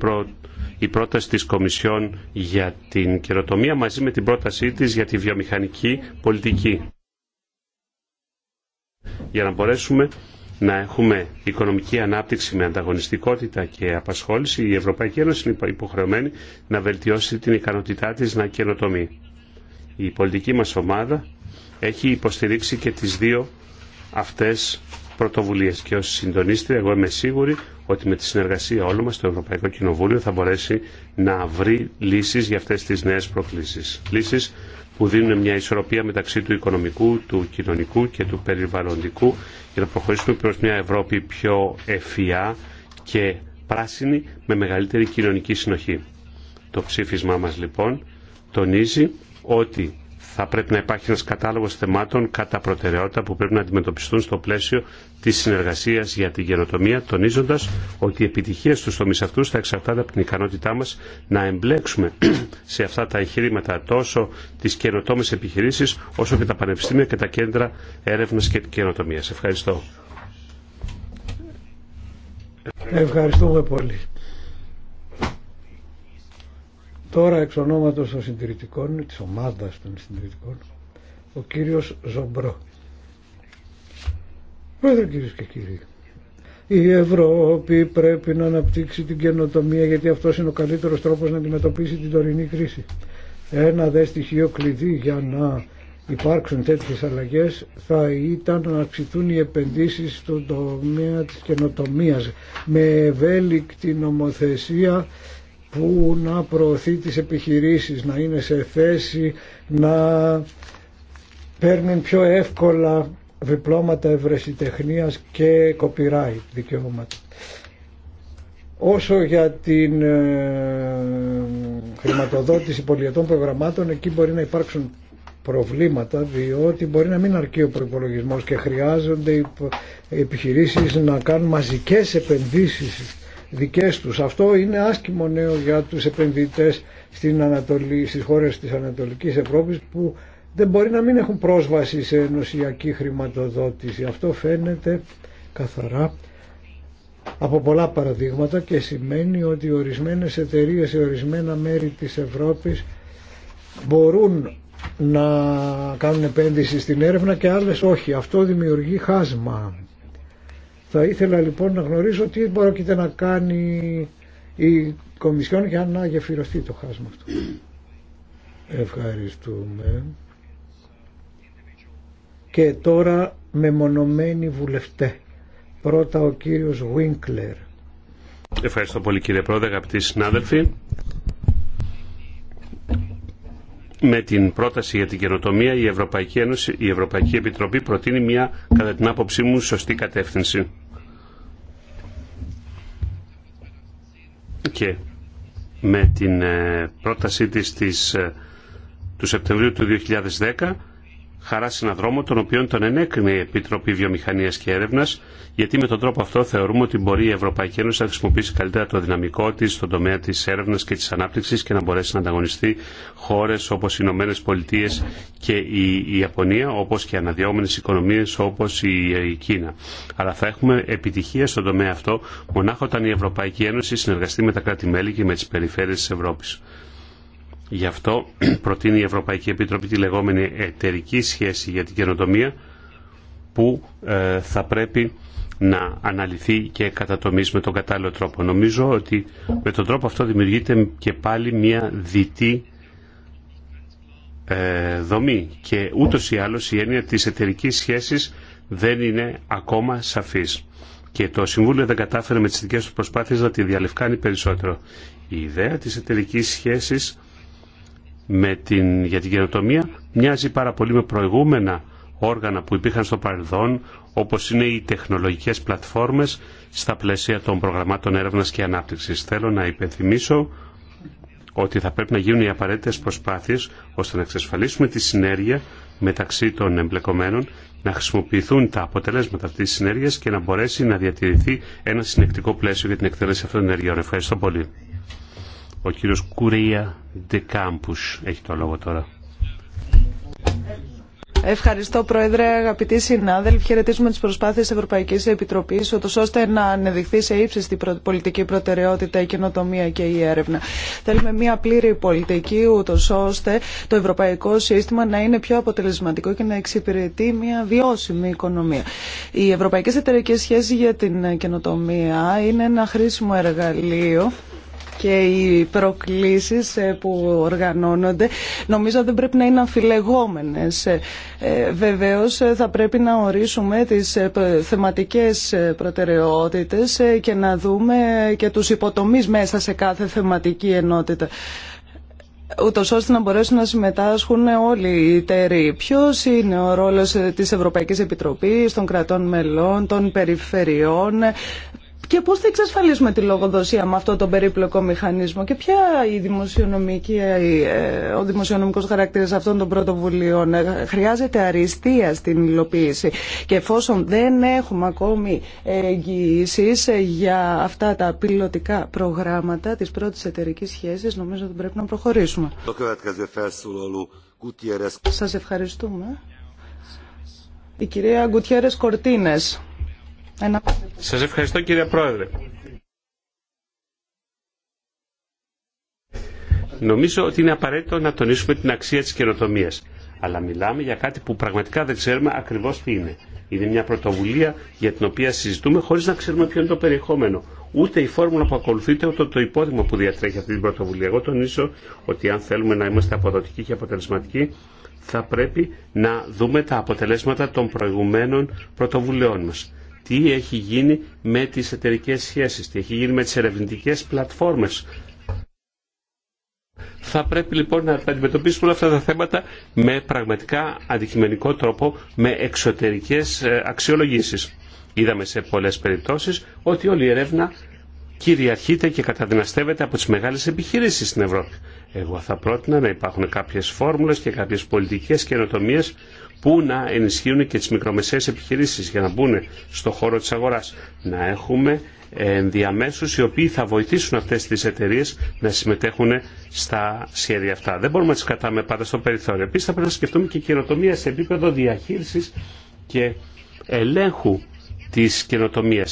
η πρόταση της Κομισιόν για την καιροτομία μαζί με την πρότασή της για τη βιομηχανική πολιτική. Για να μπορέσουμε να έχουμε οικονομική ανάπτυξη με ανταγωνιστικότητα και απασχόληση, η Ευρωπαϊκή Ένωση είναι υποχρεωμένη να βελτιώσει την ικανότητά της να καινοτομεί. Η πολιτική μας ομάδα έχει υποστηρίξει και τις δύο αυτές και ω συντονίστρια εγώ είμαι σίγουρη ότι με τη συνεργασία όλων μας το Ευρωπαϊκό Κοινοβούλιο θα μπορέσει να βρει λύσεις για αυτές τις νέες προκλήσεις. Λύσεις που δίνουν μια ισορροπία μεταξύ του οικονομικού, του κοινωνικού και του περιβαλλοντικού για να προχωρήσουμε προ μια Ευρώπη πιο ευφυά και πράσινη με μεγαλύτερη κοινωνική συνοχή. Το ψήφισμά μας λοιπόν τονίζει ότι θα πρέπει να υπάρχει ένας κατάλογος θεμάτων κατά προτεραιότητα που πρέπει να αντιμετωπιστούν στο πλαίσιο της συνεργασίας για την καινοτομία, τονίζοντας ότι η επιτυχία στους τομείς αυτούς θα εξαρτάται από την ικανότητά μας να εμπλέξουμε σε αυτά τα εγχειρήματα τόσο τις καινοτόμες επιχειρήσεις όσο και τα πανεπιστήμια και τα κέντρα έρευνας και καινοτομίας. Ευχαριστώ. Ευχαριστούμε πολύ. Τώρα εξ ονόματος των συντηρητικών, της ομάδας των συντηρητικών, ο κύριος Ζομπρό. Πρόεδρε κύριε και κύριοι, η Ευρώπη πρέπει να αναπτύξει την καινοτομία γιατί αυτό είναι ο καλύτερος τρόπος να αντιμετωπίσει την τωρινή κρίση. Ένα δε στοιχείο κλειδί για να υπάρξουν τέτοιες αλλαγές θα ήταν να αυξηθούν οι επενδύσεις στον τομέα της καινοτομίας με ευέλικτη νομοθεσία που να προωθεί τις επιχειρήσεις, να είναι σε θέση να παίρνουν πιο εύκολα διπλώματα ευρεσιτεχνίας και copyright δικαιώματα. Όσο για την ε, χρηματοδότηση πολιετών προγραμμάτων, εκεί μπορεί να υπάρξουν προβλήματα, διότι μπορεί να μην αρκεί ο προπολογισμό και χρειάζονται οι επιχειρήσεις να κάνουν μαζικές επενδύσεις δικές τους. Αυτό είναι άσκημο νέο για τους επενδυτές στην Ανατολή, στις χώρες της Ανατολικής Ευρώπης που δεν μπορεί να μην έχουν πρόσβαση σε ενωσιακή χρηματοδότηση. Αυτό φαίνεται καθαρά από πολλά παραδείγματα και σημαίνει ότι ορισμένες εταιρείες σε ορισμένα μέρη της Ευρώπης μπορούν να κάνουν επένδυση στην έρευνα και άλλες όχι. Αυτό δημιουργεί χάσμα. Θα ήθελα λοιπόν να γνωρίζω τι μπορείτε να κάνει η Κομισιόν για να γεφυρωθεί το χάσμα αυτό. Ευχαριστούμε. Και τώρα μονομενή βουλευτέ. Πρώτα ο κύριος Βίνκλερ. Ευχαριστώ πολύ κύριε Πρόεδρε, αγαπητοί συνάδελφοι με την πρόταση για την καινοτομία η Ευρωπαϊκή, Ένωση, η Ευρωπαϊκή Επιτροπή προτείνει μια κατά την άποψή μου σωστή κατεύθυνση. Και με την ε, πρότασή της, της ε, του Σεπτεμβρίου του 2010 χαράσει έναν δρόμο τον οποίο τον ενέκρινε η Επιτροπή Βιομηχανία και Έρευνα, γιατί με τον τρόπο αυτό θεωρούμε ότι μπορεί η Ευρωπαϊκή Ένωση να χρησιμοποιήσει καλύτερα το δυναμικό τη στον τομέα τη έρευνα και τη ανάπτυξη και να μπορέσει να ανταγωνιστεί χώρε όπω οι Ηνωμένε Πολιτείε και η Ιαπωνία, όπω και αναδυόμενε οικονομίε όπω η Κίνα. Αλλά θα έχουμε επιτυχία στον τομέα αυτό μονάχα όταν η Ευρωπαϊκή Ένωση συνεργαστεί με τα κράτη-μέλη και με τι περιφέρειε τη Ευρώπη. Γι' αυτό προτείνει η Ευρωπαϊκή Επιτροπή τη λεγόμενη εταιρική σχέση για την καινοτομία που ε, θα πρέπει να αναλυθεί και κατατομής με τον κατάλληλο τρόπο. Νομίζω ότι με τον τρόπο αυτό δημιουργείται και πάλι μια διτή ε, δομή και ούτως ή άλλως η έννοια της εταιρική σχέσης δεν είναι ακόμα σαφής και το Συμβούλιο δεν κατάφερε με τις δικές του προσπάθειες να τη διαλευκάνει περισσότερο. Η ιδέα της εταιρική σχέσης με την, για την καινοτομία μοιάζει πάρα πολύ με προηγούμενα όργανα που υπήρχαν στο παρελθόν, όπως είναι οι τεχνολογικές πλατφόρμες στα πλαίσια των προγραμμάτων έρευνας και ανάπτυξης. Θέλω να υπενθυμίσω ότι θα πρέπει να γίνουν οι απαραίτητες προσπάθειες ώστε να εξασφαλίσουμε τη συνέργεια μεταξύ των εμπλεκομένων, να χρησιμοποιηθούν τα αποτελέσματα αυτή τη συνέργεια και να μπορέσει να διατηρηθεί ένα συνεκτικό πλαίσιο για την εκτέλεση αυτών των ενεργειών. Ευχαριστώ πολύ. Ο κύριος Κουρία Ντεκάμπους έχει το λόγο τώρα. Ευχαριστώ Πρόεδρε, αγαπητοί συνάδελφοι. Χαιρετίζουμε τις προσπάθειες Ευρωπαϊκής Επιτροπής ούτως ώστε να ανεδειχθεί σε ύψιστη πολιτική προτεραιότητα η καινοτομία και η έρευνα. Θέλουμε μια πλήρη πολιτική ούτως ώστε το ευρωπαϊκό σύστημα να είναι πιο αποτελεσματικό και να εξυπηρετεί μια βιώσιμη οικονομία. Οι ευρωπαϊκές εταιρικές σχέσεις για την καινοτομία είναι ένα χρήσιμο εργαλείο και οι προκλήσεις ε, που οργανώνονται νομίζω δεν πρέπει να είναι αμφιλεγόμενες. Ε, ε, βεβαίως θα πρέπει να ορίσουμε τις θεματικές προτεραιότητες και να δούμε και τους υποτομείς μέσα σε κάθε θεματική ενότητα ούτω ώστε να μπορέσουν να συμμετάσχουν όλοι οι εταίροι. Ποιο είναι ο ρόλο τη Ευρωπαϊκή Επιτροπή, των κρατών μελών, των περιφερειών, και πώς θα εξασφαλίσουμε τη λογοδοσία με αυτό τον περίπλοκο μηχανισμό και ποια η δημοσιονομική, ε, ο δημοσιονομικός χαρακτήρας αυτών των πρωτοβουλίων ε, χρειάζεται αριστεία στην υλοποίηση και εφόσον δεν έχουμε ακόμη εγγυήσεις ε, για αυτά τα πιλωτικά προγράμματα της πρώτης εταιρικής σχέσης νομίζω ότι πρέπει να προχωρήσουμε. Σας ευχαριστούμε. Η κυρία Γκουτιέρες Κορτίνες. Σας ευχαριστώ κύριε Πρόεδρε. Νομίζω ότι είναι απαραίτητο να τονίσουμε την αξία της καινοτομίας. Αλλά μιλάμε για κάτι που πραγματικά δεν ξέρουμε ακριβώς τι είναι. Είναι μια πρωτοβουλία για την οποία συζητούμε χωρίς να ξέρουμε ποιο είναι το περιεχόμενο. Ούτε η φόρμουλα που ακολουθείται, ούτε το υπόδειγμα που διατρέχει αυτή την πρωτοβουλία. Εγώ τονίζω ότι αν θέλουμε να είμαστε αποδοτικοί και αποτελεσματικοί, θα πρέπει να δούμε τα αποτελέσματα των προηγουμένων πρωτοβουλειών μας τι έχει γίνει με τις εταιρικές σχέσεις, τι έχει γίνει με τις ερευνητικές πλατφόρμες. Θα πρέπει λοιπόν να αντιμετωπίσουμε όλα αυτά τα θέματα με πραγματικά αντικειμενικό τρόπο, με εξωτερικές ε, αξιολογήσεις. Είδαμε σε πολλές περιπτώσεις ότι όλη η ερεύνα κυριαρχείται και καταδυναστεύεται από τις μεγάλες επιχειρήσεις στην Ευρώπη. Εγώ θα πρότεινα να υπάρχουν κάποιες φόρμουλες και κάποιες πολιτικές καινοτομίες που να ενισχύουν και τις μικρομεσαίες επιχειρήσεις για να μπουν στο χώρο της αγοράς. Να έχουμε ενδιαμέσους οι οποίοι θα βοηθήσουν αυτές τις εταιρείε να συμμετέχουν στα σχέδια αυτά. Δεν μπορούμε να τις κρατάμε πάντα στο περιθώριο. Επίσης θα πρέπει να σκεφτούμε και καινοτομία σε επίπεδο διαχείρισης και ελέγχου της καινοτομία.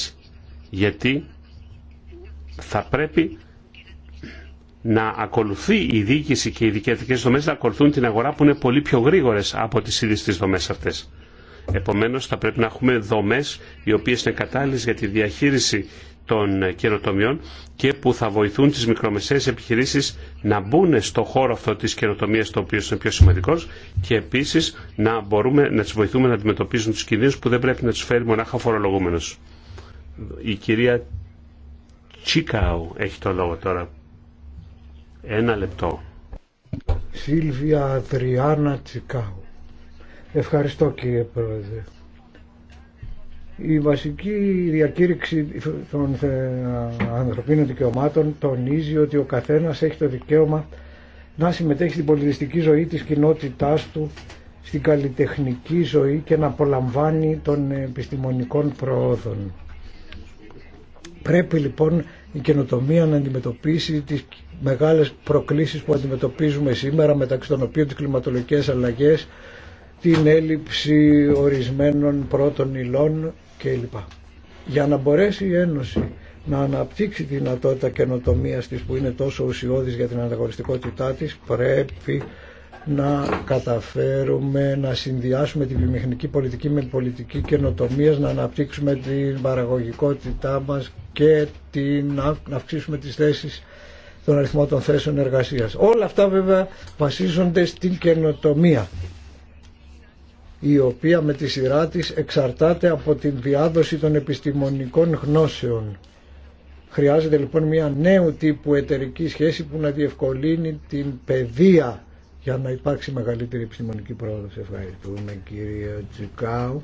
Γιατί θα πρέπει να ακολουθεί η διοίκηση και οι δικαιωτικέ δομέ, να ακολουθούν την αγορά που είναι πολύ πιο γρήγορε από τι ίδιε τι δομέ αυτέ. Επομένω, θα πρέπει να έχουμε δομέ οι οποίε είναι κατάλληλε για τη διαχείριση των καινοτομιών και που θα βοηθούν τις μικρομεσαίες επιχειρήσεις να μπουν στο χώρο αυτό της καινοτομίας το οποίο είναι πιο σημαντικό και επίσης να μπορούμε να τις βοηθούμε να αντιμετωπίζουν τους κινδύνους που δεν πρέπει να τους φέρει μονάχα φορολογούμενος. Η κυρία Τσίκαου έχει το λόγο τώρα. Ένα λεπτό. Σίλβια Αδριάννα Τσικάου. Ευχαριστώ κύριε Πρόεδρε. Η βασική διακήρυξη των ανθρωπίνων δικαιωμάτων τονίζει ότι ο καθένας έχει το δικαίωμα να συμμετέχει στην πολιτιστική ζωή της κοινότητάς του, στην καλλιτεχνική ζωή και να απολαμβάνει των επιστημονικών προόδων. Πρέπει λοιπόν η καινοτομία να αντιμετωπίσει τις μεγάλες προκλήσεις που αντιμετωπίζουμε σήμερα μεταξύ των οποίων τις κλιματολογικές αλλαγές, την έλλειψη ορισμένων πρώτων υλών κλπ. Για να μπορέσει η Ένωση να αναπτύξει τη δυνατότητα καινοτομία της που είναι τόσο ουσιώδης για την ανταγωνιστικότητά της πρέπει να καταφέρουμε να συνδυάσουμε τη βιομηχανική πολιτική με πολιτική καινοτομία, να αναπτύξουμε την παραγωγικότητά μας και την, να αυξήσουμε τις θέσεις των αριθμό των θέσεων εργασίας. Όλα αυτά βέβαια βασίζονται στην καινοτομία η οποία με τη σειρά της εξαρτάται από την διάδοση των επιστημονικών γνώσεων. Χρειάζεται λοιπόν μια νέου τύπου εταιρική σχέση που να διευκολύνει την παιδεία για να υπάρξει μεγαλύτερη επιστημονική πρόοδος. Ευχαριστούμε κύριε Τζουκάου.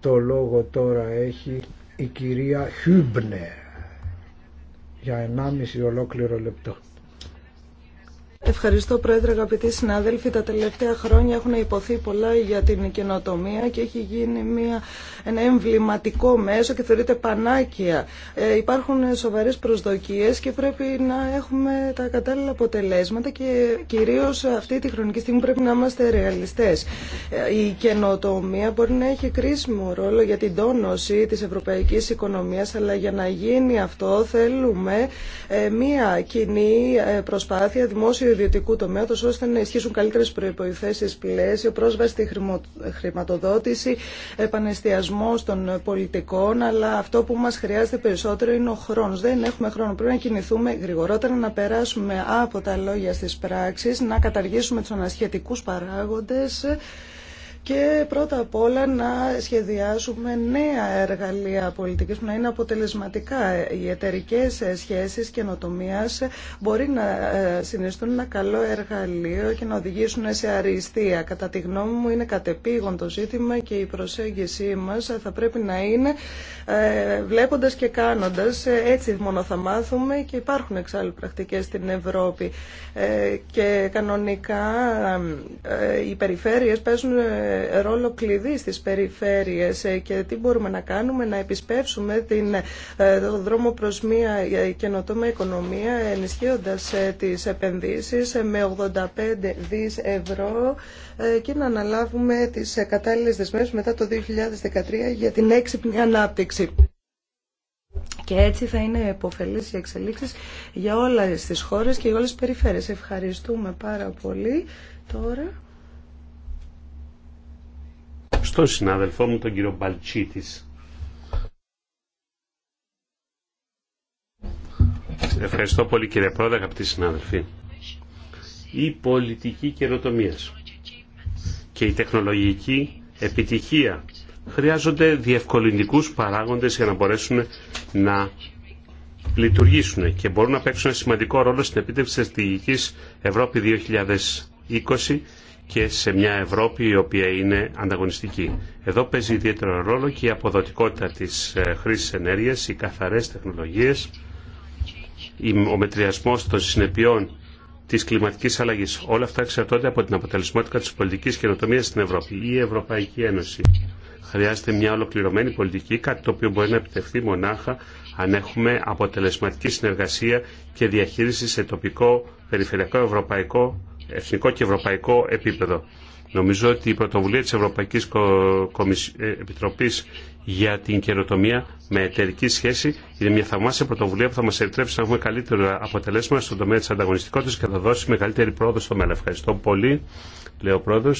Το λόγο τώρα έχει η κυρία Χιούμπνερ για 1,5 ολόκληρο λεπτό. Ευχαριστώ Πρόεδρε αγαπητοί συνάδελφοι. Τα τελευταία χρόνια έχουν υποθεί πολλά για την καινοτομία και έχει γίνει μια, ένα εμβληματικό μέσο και θεωρείται πανάκια. Ε, υπάρχουν σοβαρές προσδοκίες και πρέπει να έχουμε τα κατάλληλα αποτελέσματα και κυρίως αυτή τη χρονική στιγμή πρέπει να είμαστε ρεαλιστές. Ε, η καινοτομία μπορεί να έχει κρίσιμο ρόλο για την τόνωση της ευρωπαϊκής οικονομίας αλλά για να γίνει αυτό θέλουμε ε, μια κοινή ε, προσπάθεια δημόσιο ιδιωτικού τομέα, τόσο ώστε να ισχύσουν καλύτερε προποθέσει πλαίσιο, πρόσβαση στη χρηματοδότηση, επανεστιασμό των πολιτικών. Αλλά αυτό που μα χρειάζεται περισσότερο είναι ο χρόνο. Δεν έχουμε χρόνο. Πρέπει να κινηθούμε γρηγορότερα, να περάσουμε από τα λόγια στι πράξει, να καταργήσουμε του ανασχετικού παράγοντε και πρώτα απ' όλα να σχεδιάσουμε νέα εργαλεία πολιτικής που να είναι αποτελεσματικά. Οι εταιρικέ σχέσεις καινοτομία μπορεί να ε, συνιστούν ένα καλό εργαλείο και να οδηγήσουν σε αριστεία. Κατά τη γνώμη μου είναι κατεπήγον το ζήτημα και η προσέγγιση μας θα πρέπει να είναι ε, βλέποντας και κάνοντας. Έτσι μόνο θα μάθουμε και υπάρχουν εξάλλου πρακτικές στην Ευρώπη. Ε, και κανονικά οι περιφέρειες παίζουν ρόλο κλειδί στις περιφέρειες ε, και τι μπορούμε να κάνουμε να επισπεύσουμε την, ε, το δρόμο προς μια ε, καινοτόμα οικονομία ενισχύοντας τις επενδύσεις με 85 δις ευρώ και να αναλάβουμε τις κατάλληλες δεσμεύσεις μετά το 2013 για την έξυπνη ανάπτυξη. Και έτσι θα είναι επωφελής οι εξελίξεις για όλες τις χώρες και για όλες τις περιφέρειες. Ευχαριστούμε πάρα πολύ. Τώρα στον συνάδελφό μου τον κύριο Μπαλτσίτης. Ευχαριστώ πολύ κύριε Πρόεδρε, αγαπητοί συνάδελφοι. Η πολιτική καινοτομία και η τεχνολογική επιτυχία χρειάζονται διευκολυντικούς παράγοντες για να μπορέσουν να λειτουργήσουν και μπορούν να παίξουν σημαντικό ρόλο στην επίτευξη της Ευρώπη 2020 και σε μια Ευρώπη η οποία είναι ανταγωνιστική. Εδώ παίζει ιδιαίτερο ρόλο και η αποδοτικότητα της ε, χρήσης ενέργειας, οι καθαρές τεχνολογίες, ο μετριασμός των συνεπειών τη κλιματική αλλαγή. Όλα αυτά εξαρτώνται από την αποτελεσματικότητα τη πολιτική καινοτομία στην Ευρώπη. Η Ευρωπαϊκή Ένωση χρειάζεται μια ολοκληρωμένη πολιτική, κάτι το οποίο μπορεί να επιτευχθεί μονάχα αν έχουμε αποτελεσματική συνεργασία και διαχείριση σε τοπικό, περιφερειακό, ευρωπαϊκό εθνικό και ευρωπαϊκό επίπεδο. Νομίζω ότι η πρωτοβουλία της Ευρωπαϊκής ε, Επιτροπής για την καινοτομία με εταιρική σχέση είναι μια θαυμάσια πρωτοβουλία που θα μας επιτρέψει να έχουμε καλύτερο αποτελέσμα στον τομέα της ανταγωνιστικότητας και θα δώσει μεγαλύτερη πρόοδο στο μέλλον. Ευχαριστώ πολύ, Λέω ο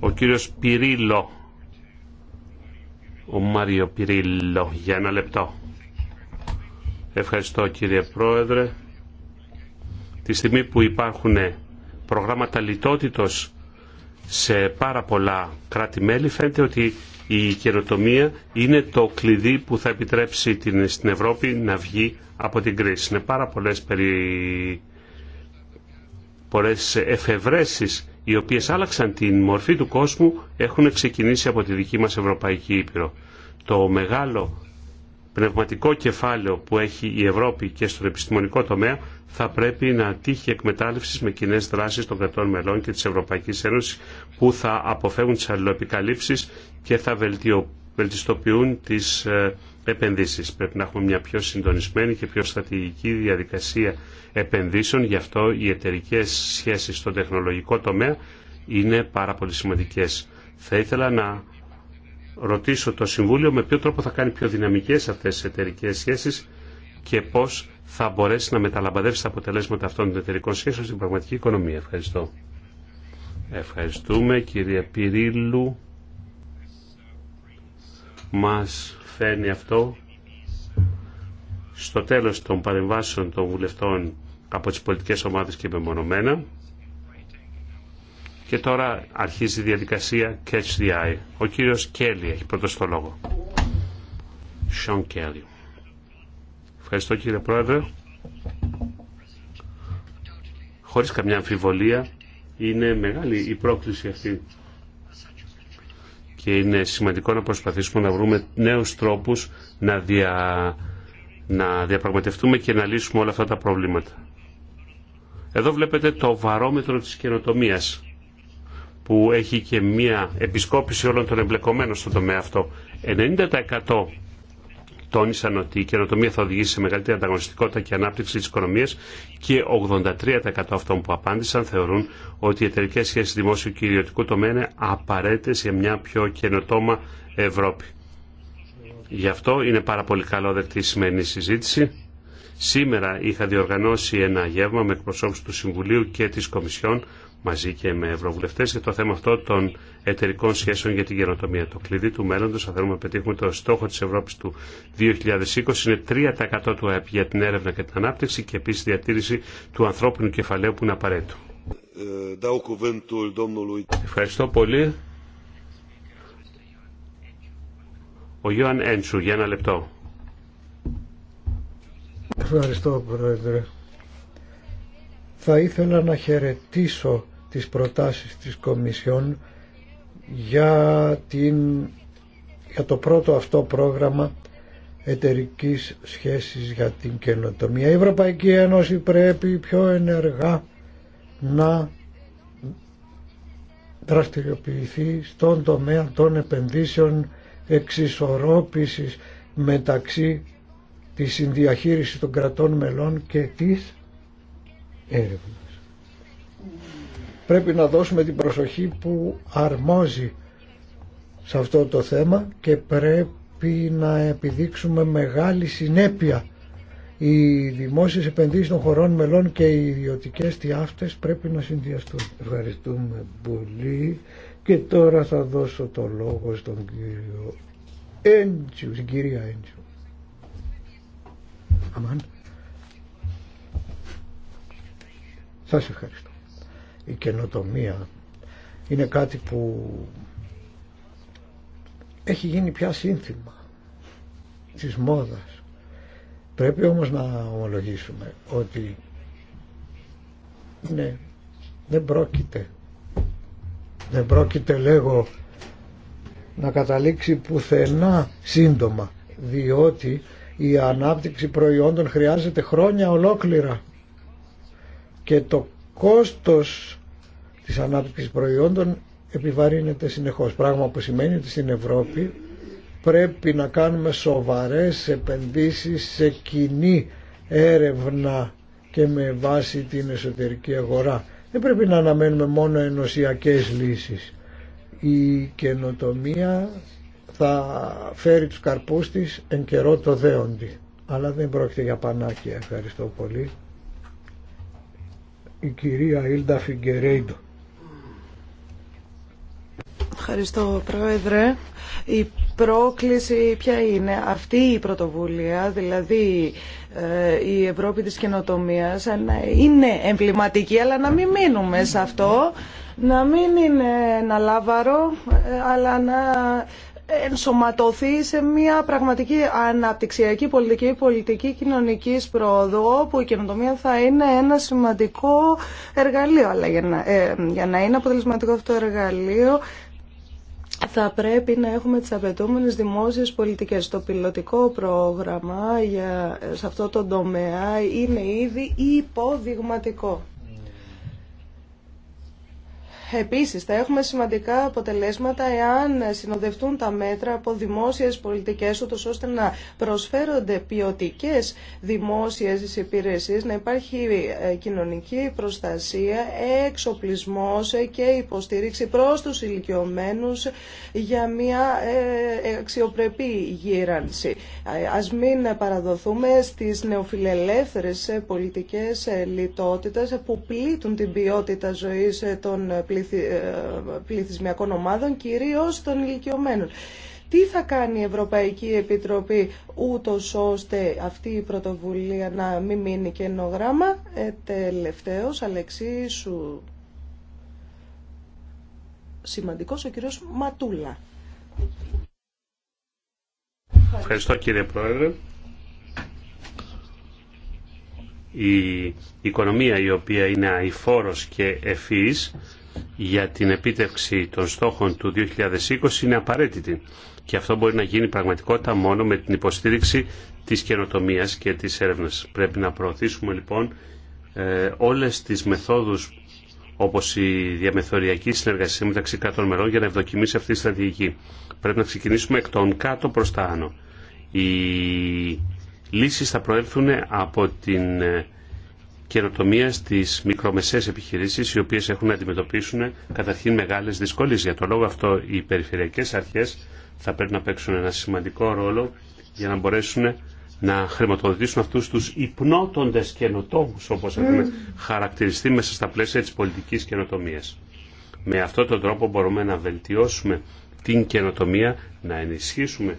Ο κύριος Πυρίλο, ο Μάριο Πυρίλο, για ένα λεπτό. Ευχαριστώ κύριε Πρόεδρε. Τη στιγμή που υπάρχουν προγράμματα λιτότητος σε πάρα πολλά κράτη-μέλη φαίνεται ότι η καινοτομία είναι το κλειδί που θα επιτρέψει την, στην Ευρώπη να βγει από την κρίση. Είναι πάρα πολλές, περι... πολλές εφευρέσεις οι οποίες άλλαξαν την μορφή του κόσμου έχουν ξεκινήσει από τη δική μας Ευρωπαϊκή Ήπειρο. Το μεγάλο πνευματικό κεφάλαιο που έχει η Ευρώπη και στον επιστημονικό τομέα θα πρέπει να τύχει εκμετάλλευση με κοινέ δράσει των κρατών μελών και τη Ευρωπαϊκή Ένωση που θα αποφεύγουν τι αλληλοεπικαλύψει και θα βελτιστοποιούν τι ε, επενδύσει. Πρέπει να έχουμε μια πιο συντονισμένη και πιο στρατηγική διαδικασία επενδύσεων. Γι' αυτό οι εταιρικέ σχέσει στον τεχνολογικό τομέα είναι πάρα πολύ σημαντικέ. Θα ήθελα να ρωτήσω το Συμβούλιο με ποιο τρόπο θα κάνει πιο δυναμικές αυτές τις εταιρικέ σχέσεις και πώς θα μπορέσει να μεταλαμπαδεύσει τα αποτελέσματα αυτών των εταιρικών σχέσεων στην πραγματική οικονομία. Ευχαριστώ. Ευχαριστούμε κύριε Πυρίλου. Μας φέρνει αυτό στο τέλος των παρεμβάσεων των βουλευτών από τις πολιτικές ομάδες και μεμονωμένα. Και τώρα αρχίζει η διαδικασία Catch the Eye. Ο κύριος Κέλλη έχει πρώτος το λόγο. Σον Κέλλη. Ευχαριστώ κύριε Πρόεδρε. Χωρίς καμιά αμφιβολία είναι μεγάλη η πρόκληση αυτή. Και είναι σημαντικό να προσπαθήσουμε να βρούμε νέους τρόπους να, δια... να διαπραγματευτούμε και να λύσουμε όλα αυτά τα προβλήματα. Εδώ βλέπετε το βαρόμετρο της καινοτομίας που έχει και μία επισκόπηση όλων των εμπλεκομένων στον τομέα αυτό. 90% τόνισαν ότι η καινοτομία θα οδηγήσει σε μεγαλύτερη ανταγωνιστικότητα και ανάπτυξη της οικονομίας και 83% αυτών που απάντησαν θεωρούν ότι οι εταιρικέ σχέσεις δημόσιου και ιδιωτικού τομέα είναι απαραίτητες για μια πιο καινοτόμα Ευρώπη. Γι' αυτό είναι πάρα πολύ καλό δεκτή η σημερινή συζήτηση. Σήμερα είχα διοργανώσει ένα γεύμα με εκπροσώπους του Συμβουλίου και της Κομισιόν μαζί και με ευρωβουλευτέ για το θέμα αυτό των εταιρικών σχέσεων για την καινοτομία. Το κλειδί του μέλλοντο, αν θέλουμε να πετύχουμε το στόχο τη Ευρώπη του 2020, είναι 3% του ΑΕΠ για την έρευνα και την ανάπτυξη και επίση διατήρηση του ανθρώπινου κεφαλαίου που είναι απαραίτητο. Ευχαριστώ πολύ. Ο Ιωάν Έντσου, για ένα λεπτό. Ευχαριστώ, Πρόεδρε. Θα ήθελα να χαιρετήσω τις προτάσεις της Κομισιόν για, την, για το πρώτο αυτό πρόγραμμα εταιρικής σχέσης για την καινοτομία. Η Ευρωπαϊκή Ένωση πρέπει πιο ενεργά να δραστηριοποιηθεί στον τομέα των επενδύσεων εξισορρόπησης μεταξύ της συνδιαχείρισης των κρατών μελών και της έρευνας. Πρέπει να δώσουμε την προσοχή που αρμόζει σε αυτό το θέμα και πρέπει να επιδείξουμε μεγάλη συνέπεια. Οι δημόσιες επενδύσεις των χωρών μελών και οι ιδιωτικές τιάφτες πρέπει να συνδυαστούν. Ευχαριστούμε πολύ και τώρα θα δώσω το λόγο στον κύριο Έντσιου, στην κυρία Έντζιου. Αμάν. Σας ευχαριστώ η καινοτομία είναι κάτι που έχει γίνει πια σύνθημα της μόδας. Πρέπει όμως να ομολογήσουμε ότι ναι, δεν πρόκειται δεν πρόκειται λέγω να καταλήξει πουθενά σύντομα διότι η ανάπτυξη προϊόντων χρειάζεται χρόνια ολόκληρα και το κόστος της ανάπτυξης προϊόντων επιβαρύνεται συνεχώς. Πράγμα που σημαίνει ότι στην Ευρώπη πρέπει να κάνουμε σοβαρές επενδύσεις σε κοινή έρευνα και με βάση την εσωτερική αγορά. Δεν πρέπει να αναμένουμε μόνο ενωσιακές λύσεις. Η καινοτομία θα φέρει τους καρπούς της εν καιρό το δέοντι. Αλλά δεν πρόκειται για πανάκια. Ευχαριστώ πολύ. Η κυρία Ιλντα Φιγκερέιντο. Ευχαριστώ, Πρόεδρε. Η πρόκληση ποια είναι αυτή η πρωτοβουλία, δηλαδή ε, η Ευρώπη της καινοτομίας, είναι εμπληματική, αλλά να μην μείνουμε σε αυτό, να μην είναι ένα λάβαρο, αλλά να ενσωματωθεί σε μια πραγματική αναπτυξιακή πολιτική, πολιτική κοινωνικής προοδού, όπου η καινοτομία θα είναι ένα σημαντικό εργαλείο. Αλλά για να, ε, για να είναι αποτελεσματικό αυτό το εργαλείο θα πρέπει να έχουμε τις απαιτούμενες δημόσιες πολιτικές. Το πιλωτικό πρόγραμμα για, σε αυτό το τομέα είναι ήδη υποδειγματικό. Επίσης, θα έχουμε σημαντικά αποτελέσματα εάν συνοδευτούν τα μέτρα από δημόσιες πολιτικές, ούτως ώστε να προσφέρονται ποιοτικές δημόσιες υπηρεσίες, να υπάρχει ε, κοινωνική προστασία, εξοπλισμός και υποστήριξη προς τους ηλικιωμένους για μια ε, αξιοπρεπή γύρανση. Ας μην παραδοθούμε στις νεοφιλελεύθερες πολιτικές λιτότητες που πλήττουν την ποιότητα ζωής των πληθυσμών ε, πληθυσμιακών ομάδων, κυρίως των ηλικιωμένων. Τι θα κάνει η Ευρωπαϊκή Επιτροπή ούτω ώστε αυτή η πρωτοβουλία να μην μείνει κενό γράμμα. Ε, τελευταίος, Αλεξίσου, σημαντικός ο κύριος Ματούλα. Ευχαριστώ κύριε Πρόεδρε. Η οικονομία η οποία είναι αηφόρος και ευφύης για την επίτευξη των στόχων του 2020 είναι απαραίτητη. Και αυτό μπορεί να γίνει πραγματικότητα μόνο με την υποστήριξη της καινοτομία και της έρευνας. Πρέπει να προωθήσουμε λοιπόν ε, όλες τις μεθόδους όπως η διαμεθοριακή συνεργασία μεταξύ κράτων μερών για να ευδοκιμήσει αυτή η στρατηγική. Πρέπει να ξεκινήσουμε εκ των κάτω προς τα άνω. Οι λύσεις θα προέλθουν από την ε, καινοτομία στι μικρομεσαίες επιχειρήσεις οι οποίες έχουν να αντιμετωπίσουν καταρχήν μεγάλες δυσκολίες. Για το λόγο αυτό οι περιφερειακές αρχές θα πρέπει να παίξουν ένα σημαντικό ρόλο για να μπορέσουν να χρηματοδοτήσουν αυτούς τους υπνώτοντες καινοτόμους όπως έχουμε χαρακτηριστεί μέσα στα πλαίσια της πολιτικής καινοτομία. Με αυτόν τον τρόπο μπορούμε να βελτιώσουμε την καινοτομία, να ενισχύσουμε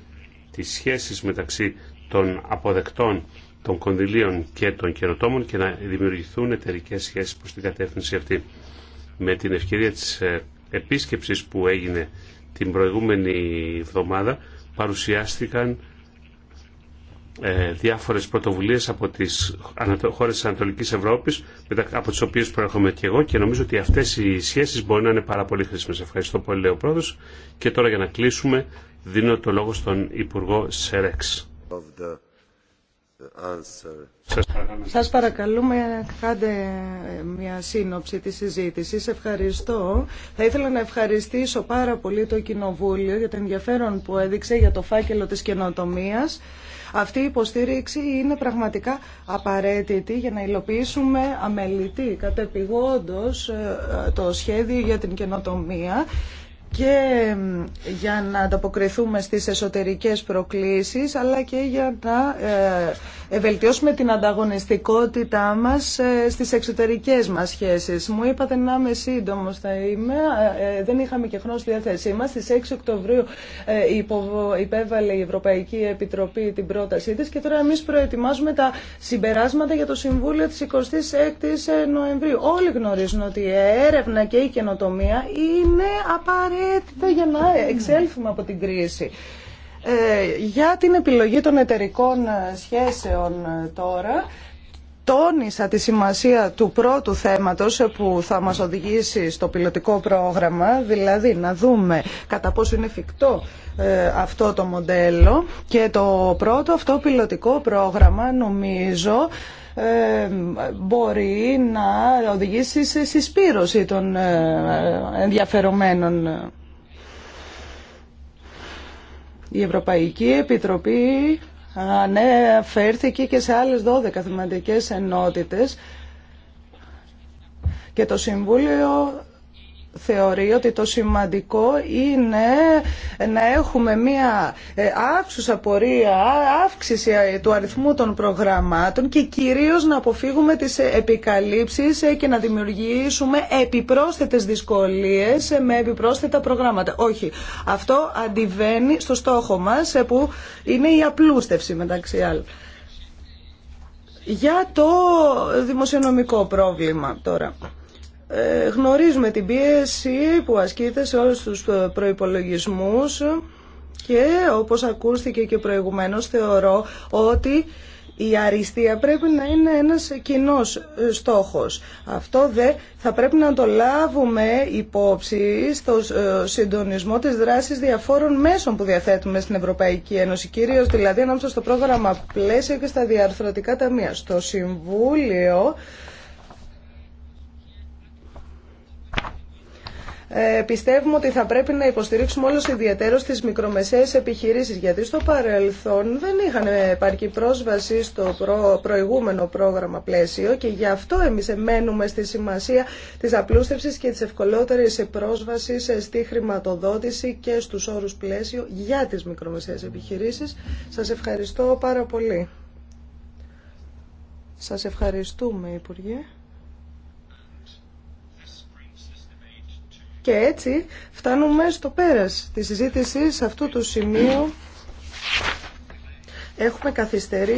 τις σχέσεις μεταξύ των αποδεκτών των κονδυλίων και των καινοτόμων και να δημιουργηθούν εταιρικέ σχέσει προ την κατεύθυνση αυτή. Με την ευκαιρία τη ε, επίσκεψη που έγινε την προηγούμενη εβδομάδα παρουσιάστηκαν ε, διάφορες πρωτοβουλίες από τις χώρες της Ανατολικής Ευρώπης από τις οποίες προέρχομαι και εγώ και νομίζω ότι αυτές οι σχέσεις μπορεί να είναι πάρα πολύ χρήσιμες. Ευχαριστώ πολύ λέει ο Πρόεδρος και τώρα για να κλείσουμε δίνω το λόγο στον Υπουργό Σερέξ. Σας παρακαλούμε κάντε ε, μια σύνοψη της συζήτησης. Ευχαριστώ. Θα ήθελα να ευχαριστήσω πάρα πολύ το Κοινοβούλιο για το ενδιαφέρον που έδειξε για το φάκελο της καινοτομίας. Αυτή η υποστήριξη είναι πραγματικά απαραίτητη για να υλοποιήσουμε αμελητή, κατεπηγόντως, ε, ε, το σχέδιο για την καινοτομία και για να ανταποκριθούμε στις εσωτερικές προκλήσεις αλλά και για να ε, ευελτιώσουμε την ανταγωνιστικότητά μας ε, στις εξωτερικές μας σχέσεις. Μου είπατε να είμαι σύντομος θα είμαι. Ε, δεν είχαμε και χρόνο στη διάθεσή μας. Στις 6 Οκτωβρίου υπέβαλε η Ευρωπαϊκή Επιτροπή την πρότασή της και τώρα εμείς προετοιμάζουμε τα συμπεράσματα για το Συμβούλιο της 26 Νοεμβρίου. Όλοι γνωρίζουν ότι η έρευνα και η καινοτομία είναι απαραίτητα απαραίτητα για να εξέλθουμε από την κρίση. Ε, για την επιλογή των εταιρικών ε, σχέσεων ε, τώρα, τόνισα τη σημασία του πρώτου θέματος που θα μας οδηγήσει στο πιλωτικό πρόγραμμα, δηλαδή να δούμε κατά πόσο είναι εφικτό αυτό το μοντέλο και το πρώτο αυτό πιλωτικό πρόγραμμα νομίζω ε, μπορεί να οδηγήσει σε συσπήρωση των ε, ενδιαφερομένων. Η Ευρωπαϊκή Επιτροπή ανέφερθηκε και σε άλλες 12 θεματικές ενότητες και το Συμβούλιο θεωρεί ότι το σημαντικό είναι να έχουμε μία αύξουσα ε, πορεία, αύξηση ε, του αριθμού των προγραμμάτων και κυρίως να αποφύγουμε τις ε, επικαλύψεις και να δημιουργήσουμε επιπρόσθετες δυσκολίες με επιπρόσθετα προγράμματα. Όχι. Αυτό αντιβαίνει στο στόχο μας που είναι η απλούστευση μεταξύ άλλων. Για το δημοσιονομικό πρόβλημα τώρα. Ε, γνωρίζουμε την πίεση που ασκείται σε όλους τους προϋπολογισμούς και όπως ακούστηκε και προηγουμένως θεωρώ ότι η αριστεία πρέπει να είναι ένας κοινό ε, στόχος. Αυτό δε θα πρέπει να το λάβουμε υπόψη στο ε, συντονισμό της δράσης διαφόρων μέσων που διαθέτουμε στην Ευρωπαϊκή Ένωση, κυρίως δηλαδή ανάμεσα στο πρόγραμμα πλαίσιο και στα διαρθρωτικά ταμεία. Στο Συμβούλιο Ε, πιστεύουμε ότι θα πρέπει να υποστηρίξουμε όλους ιδιαίτερως τις μικρομεσαίες επιχειρήσεις γιατί στο παρελθόν δεν είχαν επαρκή πρόσβαση στο προηγούμενο πρόγραμμα πλαίσιο και γι' αυτό εμείς εμένουμε στη σημασία της απλούστευσης και της ευκολότερης πρόσβασης στη χρηματοδότηση και στους όρους πλαίσιο για τις μικρομεσαίες επιχειρήσεις. Σας ευχαριστώ πάρα πολύ. Σας ευχαριστούμε Υπουργέ. Και έτσι φτάνουμε στο πέρας της συζήτησης σε αυτού του σημείου. Έχουμε καθυστερήσει.